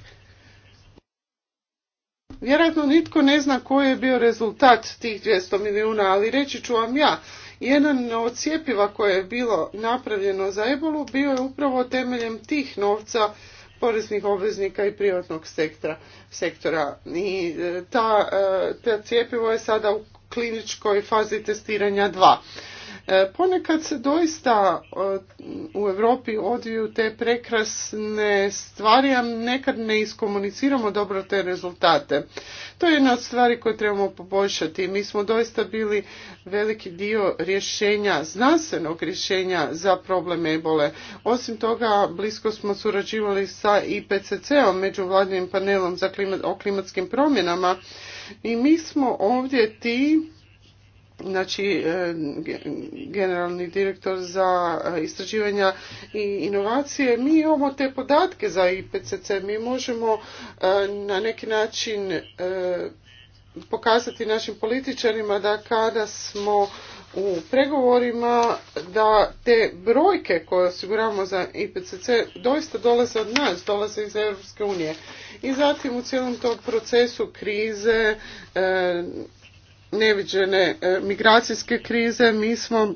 Vjerojatno nitko ne zna koji je bio rezultat tih 200 milijuna, ali reći ću vam ja. Jedan od cijepiva koje je bilo napravljeno za ebolu bio je upravo temeljem tih novca poreznih obveznika i privatnog sektora. sektora. I e, ta, e, ta cijepivo je sada u kliničkoj fazi testiranja 2. E, ponekad se doista e, u Europi odviju te prekrasne stvari, a nekad ne iskomuniciramo dobro te rezultate. To je jedna od stvari koje trebamo poboljšati. Mi smo doista bili veliki dio rješenja, znanstvenog rješenja za problem ebole. Osim toga, blisko smo surađivali sa IPCC-om, međuvladnim panelom o klimatskim promjenama i mi smo ovdje ti znači e, generalni direktor za e, istraživanja i inovacije, mi imamo te podatke za IPCC, mi možemo e, na neki način pokazati našim političarima da kada smo u pregovorima da te brojke koje osiguravamo za IPCC doista dolaze od nas, dolaze iz Europske unije. I zatim u cijelom tom procesu krize, neviđene e, migracijske krize mi smo e,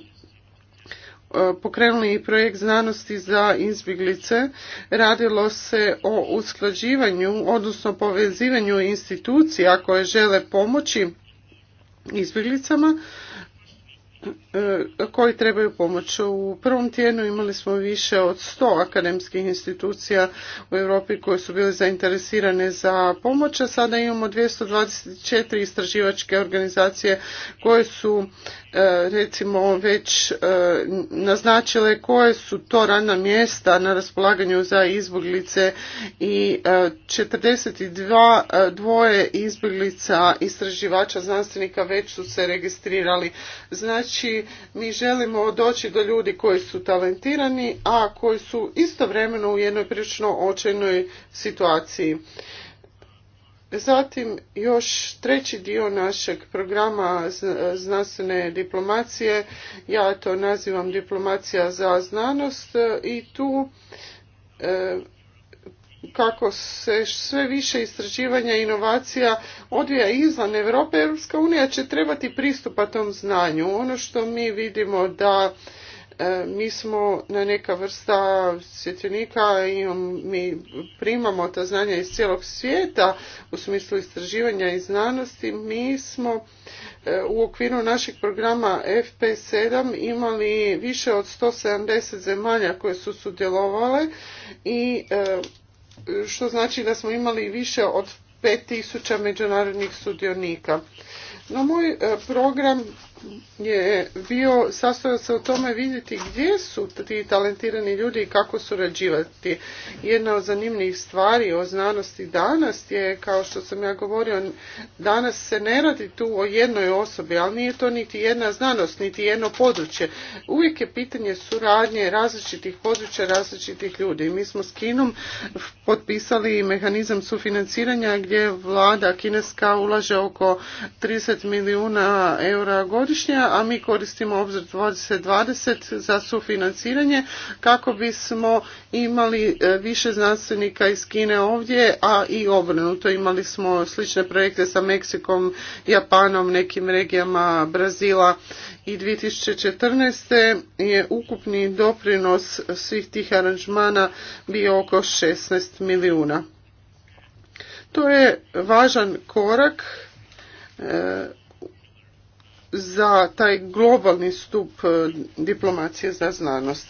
pokrenuli i projekt znanosti za izbjeglice. Radilo se o usklađivanju, odnosno povezivanju institucija koje žele pomoći izbjeglicama E, koji trebaju pomoć. U prvom tjednu imali smo više od 100 akademskih institucija u Europi koje su bile zainteresirane za pomoć, a sada imamo 224 istraživačke organizacije koje su e, recimo već e, naznačile koje su to rana mjesta na raspolaganju za izbjeglice i 42 dvoje izbjeglica istraživača znanstvenika već su se registrirali. Znači Znači, mi želimo doći do ljudi koji su talentirani, a koji su istovremeno u jednoj prilično očajnoj situaciji. Zatim još treći dio našeg programa znanstvene diplomacije, ja to nazivam diplomacija za znanost i tu e, kako se sve više istraživanja i inovacija odvija izvan Europe, Europska unija će trebati pristupa tom znanju. Ono što mi vidimo da e, mi smo na neka vrsta svjetljenika i mi primamo ta znanja iz cijelog svijeta u smislu istraživanja i znanosti. Mi smo e, u okviru našeg programa FP7 imali više od 170 zemalja koje su sudjelovale i e, što znači da smo imali više od 5000 međunarodnih sudionika. No moj e, program je bio sastojao se u tome vidjeti gdje su ti talentirani ljudi i kako surađivati. Jedna od zanimljivih stvari o znanosti danas je, kao što sam ja govorio, danas se ne radi tu o jednoj osobi, ali nije to niti jedna znanost, niti jedno područje. Uvijek je pitanje suradnje različitih područja, različitih ljudi. Mi smo s Kinom potpisali mehanizam sufinanciranja gdje vlada kineska ulaže oko 30 milijuna eura godine godišnje, a mi koristimo obzir 2020 za sufinanciranje kako bismo imali e, više znanstvenika iz Kine ovdje, a i obrnuto. Imali smo slične projekte sa Meksikom, Japanom, nekim regijama Brazila i 2014. je ukupni doprinos svih tih aranžmana bio oko 16 milijuna. To je važan korak e, za taj globalni stup e, diplomacije za znanost.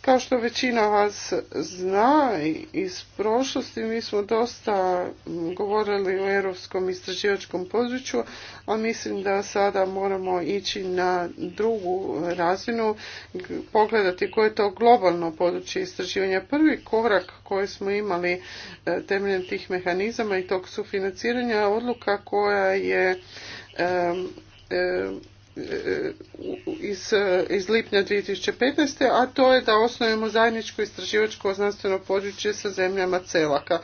Kao što većina vas zna iz prošlosti, mi smo dosta govorili o europskom istraživačkom području, a mislim da sada moramo ići na drugu razinu, pogledati koje je to globalno područje istraživanja. Prvi korak koji smo imali e, temeljem tih mehanizama i tog sufinanciranja je odluka koja je iz, iz lipnja 2015. a to je da osnovimo zajedničko istraživačko znanstveno područje sa zemljama celaka.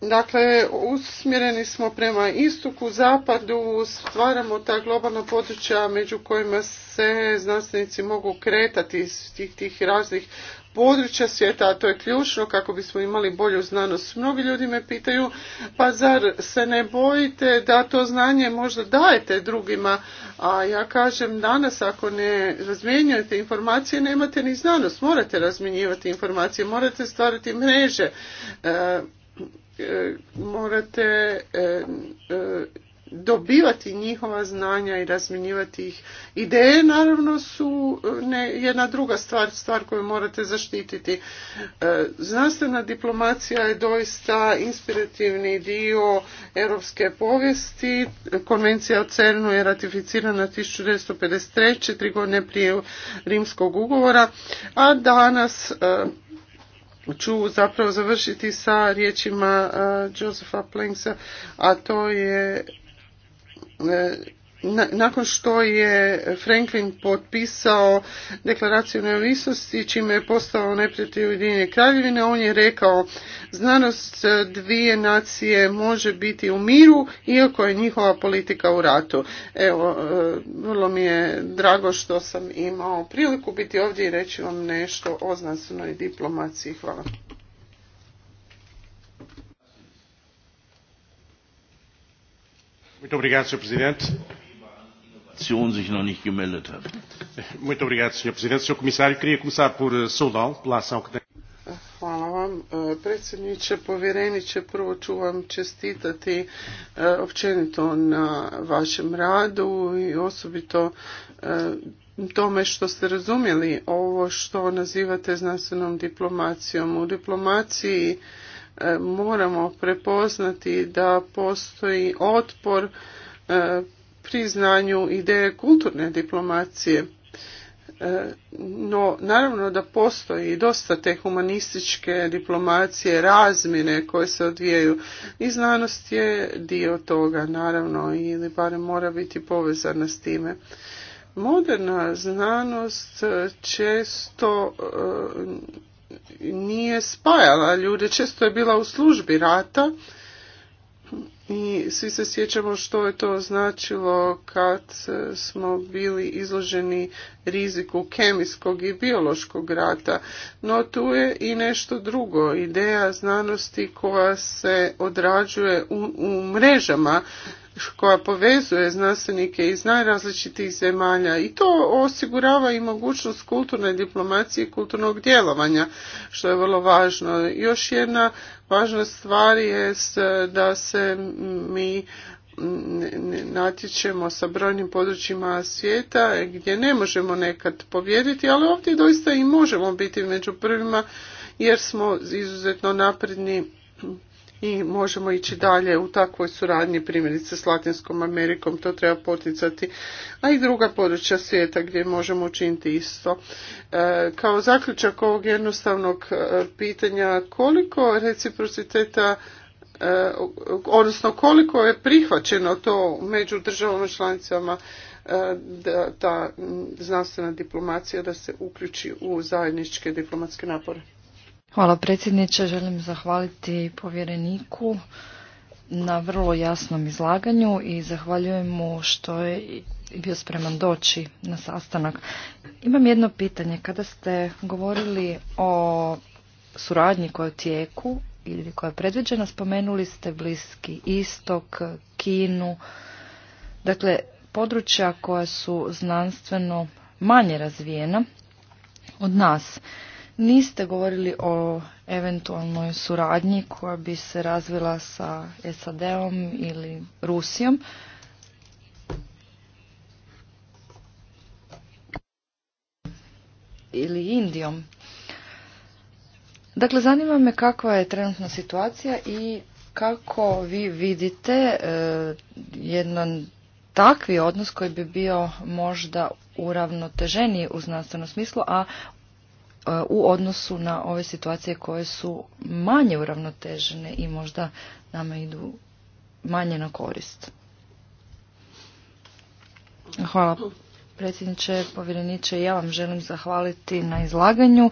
Dakle, usmjereni smo prema istoku, zapadu, stvaramo ta globalna područja među kojima se znanstvenici mogu kretati iz tih, tih raznih područja svijeta, a to je ključno kako bismo imali bolju znanost. Mnogi ljudi me pitaju, pa zar se ne bojite da to znanje možda dajete drugima, a ja kažem danas ako ne razmjenjujete informacije, nemate ni znanost, morate razmjenjivati informacije, morate stvarati mreže. E, e, morate e, dobivati njihova znanja i razminjivati ih. Ideje naravno su e, ne, jedna druga stvar, stvar koju morate zaštititi. E, znanstvena diplomacija je doista inspirativni dio europske povijesti. Konvencija o cern je ratificirana 1953. tri godine prije Rimskog ugovora, a danas e, ću zapravo završiti sa riječima Josefa Plenksa a to je nakon što je Franklin potpisao deklaraciju neovisnosti, čime je postao neprijatelj Ujedinjene kraljevine, on je rekao znanost dvije nacije može biti u miru, iako je njihova politika u ratu. Evo, e, vrlo mi je drago što sam imao priliku biti ovdje i reći vam nešto o znanstvenoj diplomaciji. Hvala. Muito obrigado, Sr. Presidente. Sich noch nicht gemeldet hat. Muito obrigado, Sr. Presidente. Sr. Comissário, queria começar por eh, saudá-lo pela ação que tem. Hvala vam. Eh, predsjedniče, povjereniče, prvo ću vam čestitati eh, općenito na vašem radu i osobito tome što ste razumjeli ovo što nazivate znanstvenom diplomacijom. U diplomaciji E, moramo prepoznati da postoji otpor e, priznanju ideje kulturne diplomacije. E, no, naravno da postoji dosta te humanističke diplomacije, razmjene koje se odvijaju i znanost je dio toga, naravno, ili barem mora biti povezana s time. Moderna znanost često nije spajala ljude, često je bila u službi rata i svi se sjećamo što je to značilo kad smo bili izloženi riziku kemijskog i biološkog rata. No tu je i nešto drugo, ideja znanosti koja se odrađuje u, u mrežama koja povezuje znanstvenike iz najrazličitih zemalja i to osigurava i mogućnost kulturne diplomacije i kulturnog djelovanja, što je vrlo važno. Još jedna važna stvar je da se mi natječemo sa brojnim područjima svijeta gdje ne možemo nekad povjeriti, ali ovdje doista i možemo biti među prvima jer smo izuzetno napredni i možemo ići dalje u takvoj suradnji, primjerice s Latinskom Amerikom, to treba poticati, a i druga područja svijeta gdje možemo učiniti isto. E, kao zaključak ovog jednostavnog e, pitanja, koliko reciprociteta e, odnosno koliko je prihvaćeno to među državama članicama da ta znanstvena diplomacija da se uključi u zajedničke diplomatske napore. Hvala predsjedniče. Želim zahvaliti povjereniku na vrlo jasnom izlaganju i zahvaljujem mu što je bio spreman doći na sastanak. Imam jedno pitanje. Kada ste govorili o suradnji koja je tijeku ili koja je predviđena, spomenuli ste Bliski istok, Kinu, dakle područja koja su znanstveno manje razvijena od nas. Niste govorili o eventualnoj suradnji koja bi se razvila sa SAD-om ili Rusijom. ili Indijom. Dakle, zanima me kakva je trenutna situacija i kako vi vidite e, jedan takvi odnos koji bi bio možda uravnoteženiji u znanstvenom smislu, a E, u odnosu na ove situacije koje su manje uravnotežene i možda nama idu manje na korist. Hvala predsjedniče, povjereniče, ja vam želim zahvaliti na izlaganju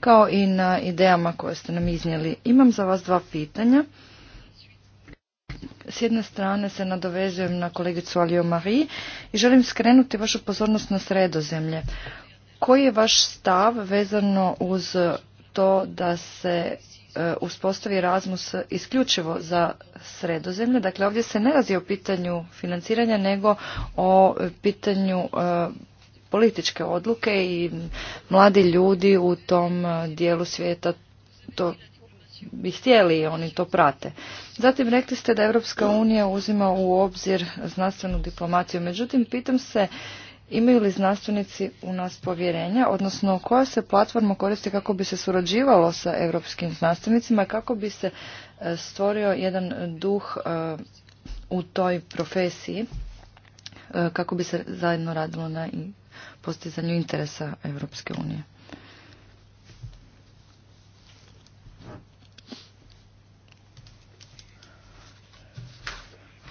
kao i na idejama koje ste nam iznijeli. Imam za vas dva pitanja. S jedne strane se nadovezujem na kolegicu Alio Marie i želim skrenuti vašu pozornost na sredozemlje. Koji je vaš stav vezano uz to da se e, uspostavi razmus isključivo za sredozemlje. Dakle, ovdje se ne razi o pitanju financiranja, nego o pitanju e, političke odluke i mladi ljudi u tom e, dijelu svijeta to bi htjeli i oni to prate. Zatim rekli ste da Europska unija uzima u obzir znanstvenu diplomaciju. Međutim, pitam se Imaju li znanstvenici u nas povjerenja, odnosno koja se platforma koristi kako bi se surađivalo sa europskim znanstvenicima i kako bi se e, stvorio jedan duh e, u toj profesiji, e, kako bi se zajedno radilo na postizanju interesa Europske unije?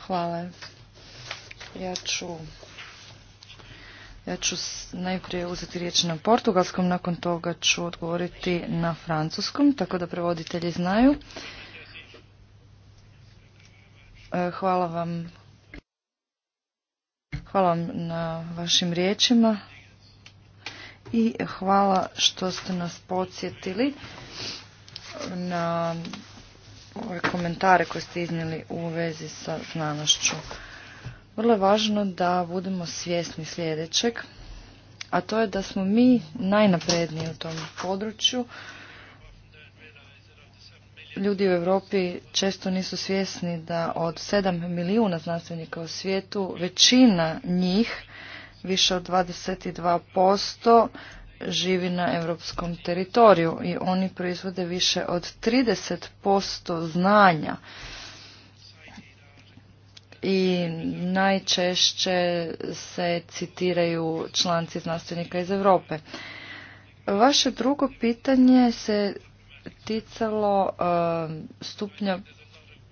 Hvala. Ja ću ja ću najprije uzeti riječ na portugalskom, nakon toga ću odgovoriti na francuskom, tako da prevoditelji znaju. E, hvala vam. Hvala vam na vašim riječima i hvala što ste nas podsjetili na ove komentare koje ste iznijeli u vezi sa znanošću. Vrlo je važno da budemo svjesni sljedećeg, a to je da smo mi najnapredniji u tom području. Ljudi u Europi često nisu svjesni da od 7 milijuna znanstvenika u svijetu većina njih, više od 22%, živi na europskom teritoriju i oni proizvode više od 30% znanja i najčešće se citiraju članci znanstvenika iz Europe. Vaše drugo pitanje se ticalo um, stupnja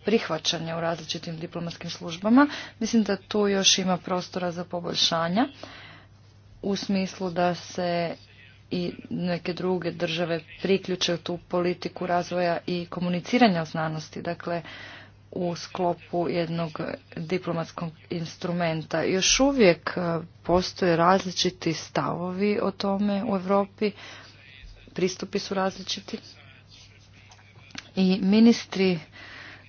prihvaćanja u različitim diplomatskim službama. Mislim da tu još ima prostora za poboljšanja u smislu da se i neke druge države priključe u tu politiku razvoja i komuniciranja o znanosti. Dakle, u sklopu jednog diplomatskog instrumenta. Još uvijek e, postoje različiti stavovi o tome u Europi, pristupi su različiti i ministri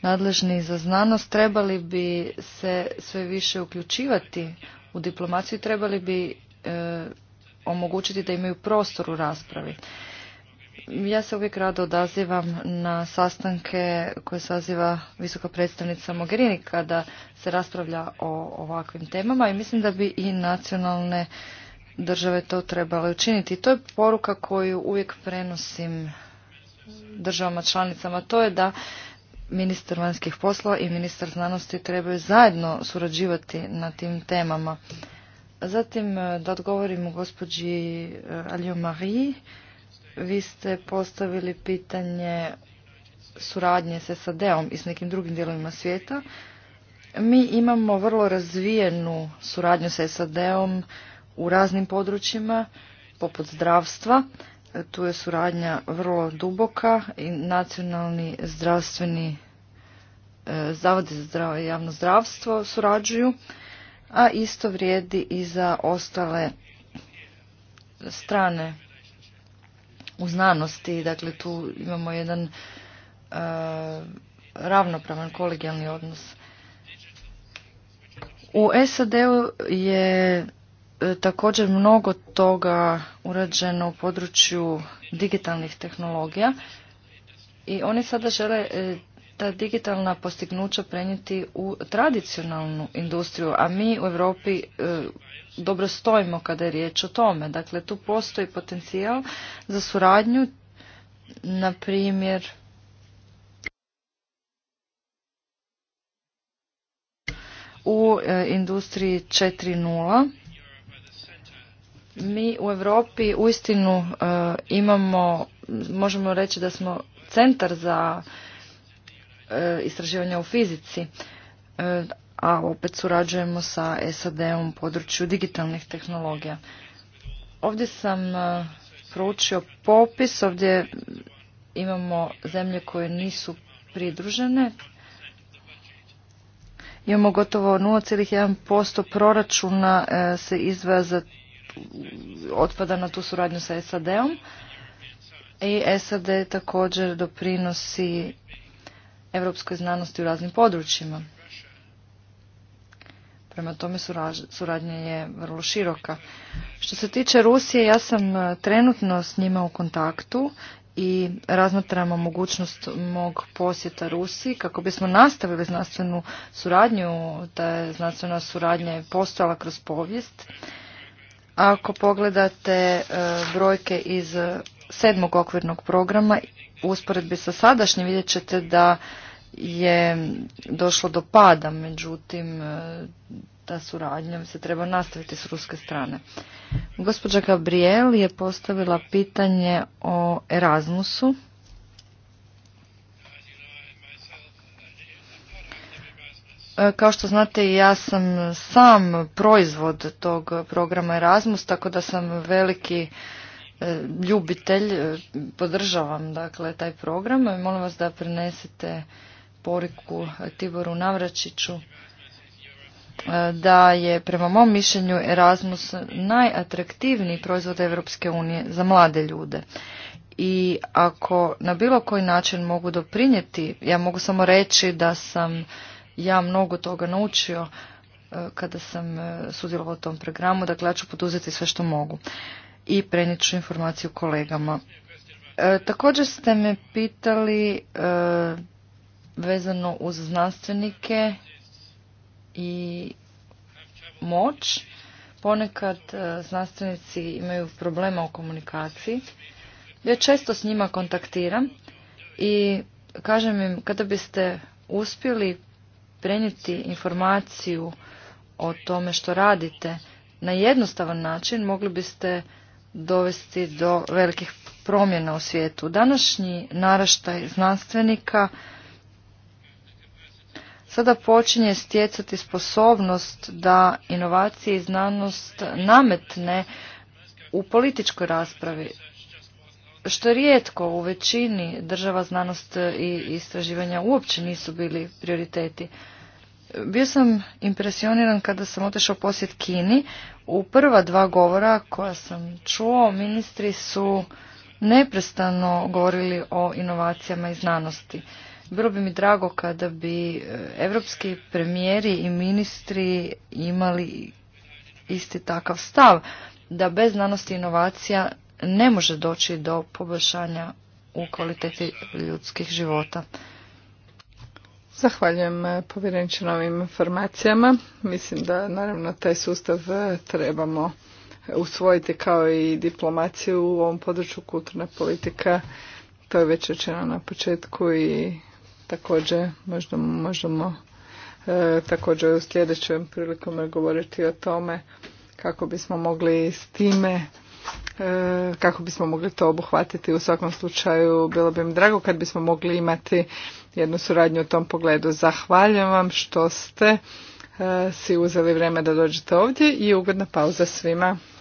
nadležni za znanost trebali bi se sve više uključivati u diplomaciju, trebali bi e, omogućiti da imaju prostor u raspravi. Ja se uvijek rado odazivam na sastanke koje saziva visoka predstavnica Mogherini kada se raspravlja o ovakvim temama i mislim da bi i nacionalne države to trebale učiniti. To je poruka koju uvijek prenosim državama članicama. To je da ministar vanjskih poslova i ministar znanosti trebaju zajedno surađivati na tim temama. Zatim da odgovorim gospođi eh, Alio Marie vi ste postavili pitanje suradnje s SAD-om i s nekim drugim dijelovima svijeta. Mi imamo vrlo razvijenu suradnju s SAD-om u raznim područjima, poput zdravstva. Tu je suradnja vrlo duboka i nacionalni zdravstveni e, zavodi za javno zdravstvo surađuju, a isto vrijedi i za ostale strane u znanosti. Dakle, tu imamo jedan e, ravnopravan kolegijalni odnos. U SAD-u je e, također mnogo toga urađeno u području digitalnih tehnologija i oni sada žele e, ta digitalna postignuća prenijeti u tradicionalnu industriju, a mi u Europi e, dobro stojimo kada je riječ o tome. Dakle, tu postoji potencijal za suradnju, na primjer, u e, industriji 4.0. Mi u Europi uistinu e, imamo, možemo reći da smo centar za E, istraživanja u fizici, e, a opet surađujemo sa SAD-om u području digitalnih tehnologija. Ovdje sam e, proučio popis, ovdje imamo zemlje koje nisu pridružene. Imamo gotovo 0,1% proračuna se izvaja za otpada na tu suradnju sa SAD-om i SAD također doprinosi europskoj znanosti u raznim područjima. Prema tome suradnja je vrlo široka. Što se tiče Rusije, ja sam e, trenutno s njima u kontaktu i razmatramo mogućnost mog posjeta Rusiji kako bismo nastavili znanstvenu suradnju. Ta je znanstvena suradnja postojala kroz povijest. Ako pogledate e, brojke iz sedmog okvirnog programa usporedbi sa sadašnjim vidjet ćete da je došlo do pada, međutim e, ta suradnja se treba nastaviti s ruske strane. Gospođa Gabriel je postavila pitanje o Erasmusu. E, kao što znate, ja sam sam proizvod tog programa Erasmus, tako da sam veliki E, ljubitelj, e, podržavam dakle taj program. i Molim vas da prenesete poriku Tiboru Navračiću e, da je prema mom mišljenju Erasmus najatraktivniji proizvod Europske unije za mlade ljude. I ako na bilo koji način mogu doprinijeti, ja mogu samo reći da sam ja mnogo toga naučio kada sam sudjelovao u tom programu, dakle ja ću poduzeti sve što mogu i prenijet ću informaciju kolegama. E, također ste me pitali e, vezano uz znanstvenike i moć. Ponekad e, znanstvenici imaju problema u komunikaciji. Ja često s njima kontaktiram i kažem im kada biste uspjeli prenijeti informaciju o tome što radite na jednostavan način mogli biste dovesti do velikih promjena u svijetu. Današnji naraštaj znanstvenika sada počinje stjecati sposobnost da inovacije i znanost nametne u političkoj raspravi, što je rijetko u većini država znanost i istraživanja uopće nisu bili prioriteti. Bio sam impresioniran kada sam otešao posjet Kini. U prva dva govora koja sam čuo, ministri su neprestano govorili o inovacijama i znanosti. Bilo bi mi drago kada bi eh, evropski premijeri i ministri imali isti takav stav, da bez znanosti i inovacija ne može doći do poboljšanja u kvaliteti ljudskih života. Zahvaljujem eh, povjereniče na ovim informacijama. Mislim da naravno taj sustav eh, trebamo usvojiti kao i diplomaciju u ovom području kulturna politika. To je već rečeno na početku i također možda možemo eh, također u sljedećem prilikom govoriti o tome kako bismo mogli s time kako bismo mogli to obuhvatiti u svakom slučaju bilo bi mi drago kad bismo mogli imati jednu suradnju u tom pogledu. Zahvaljujem vam što ste e, si uzeli vrijeme da dođete ovdje i ugodna pauza svima.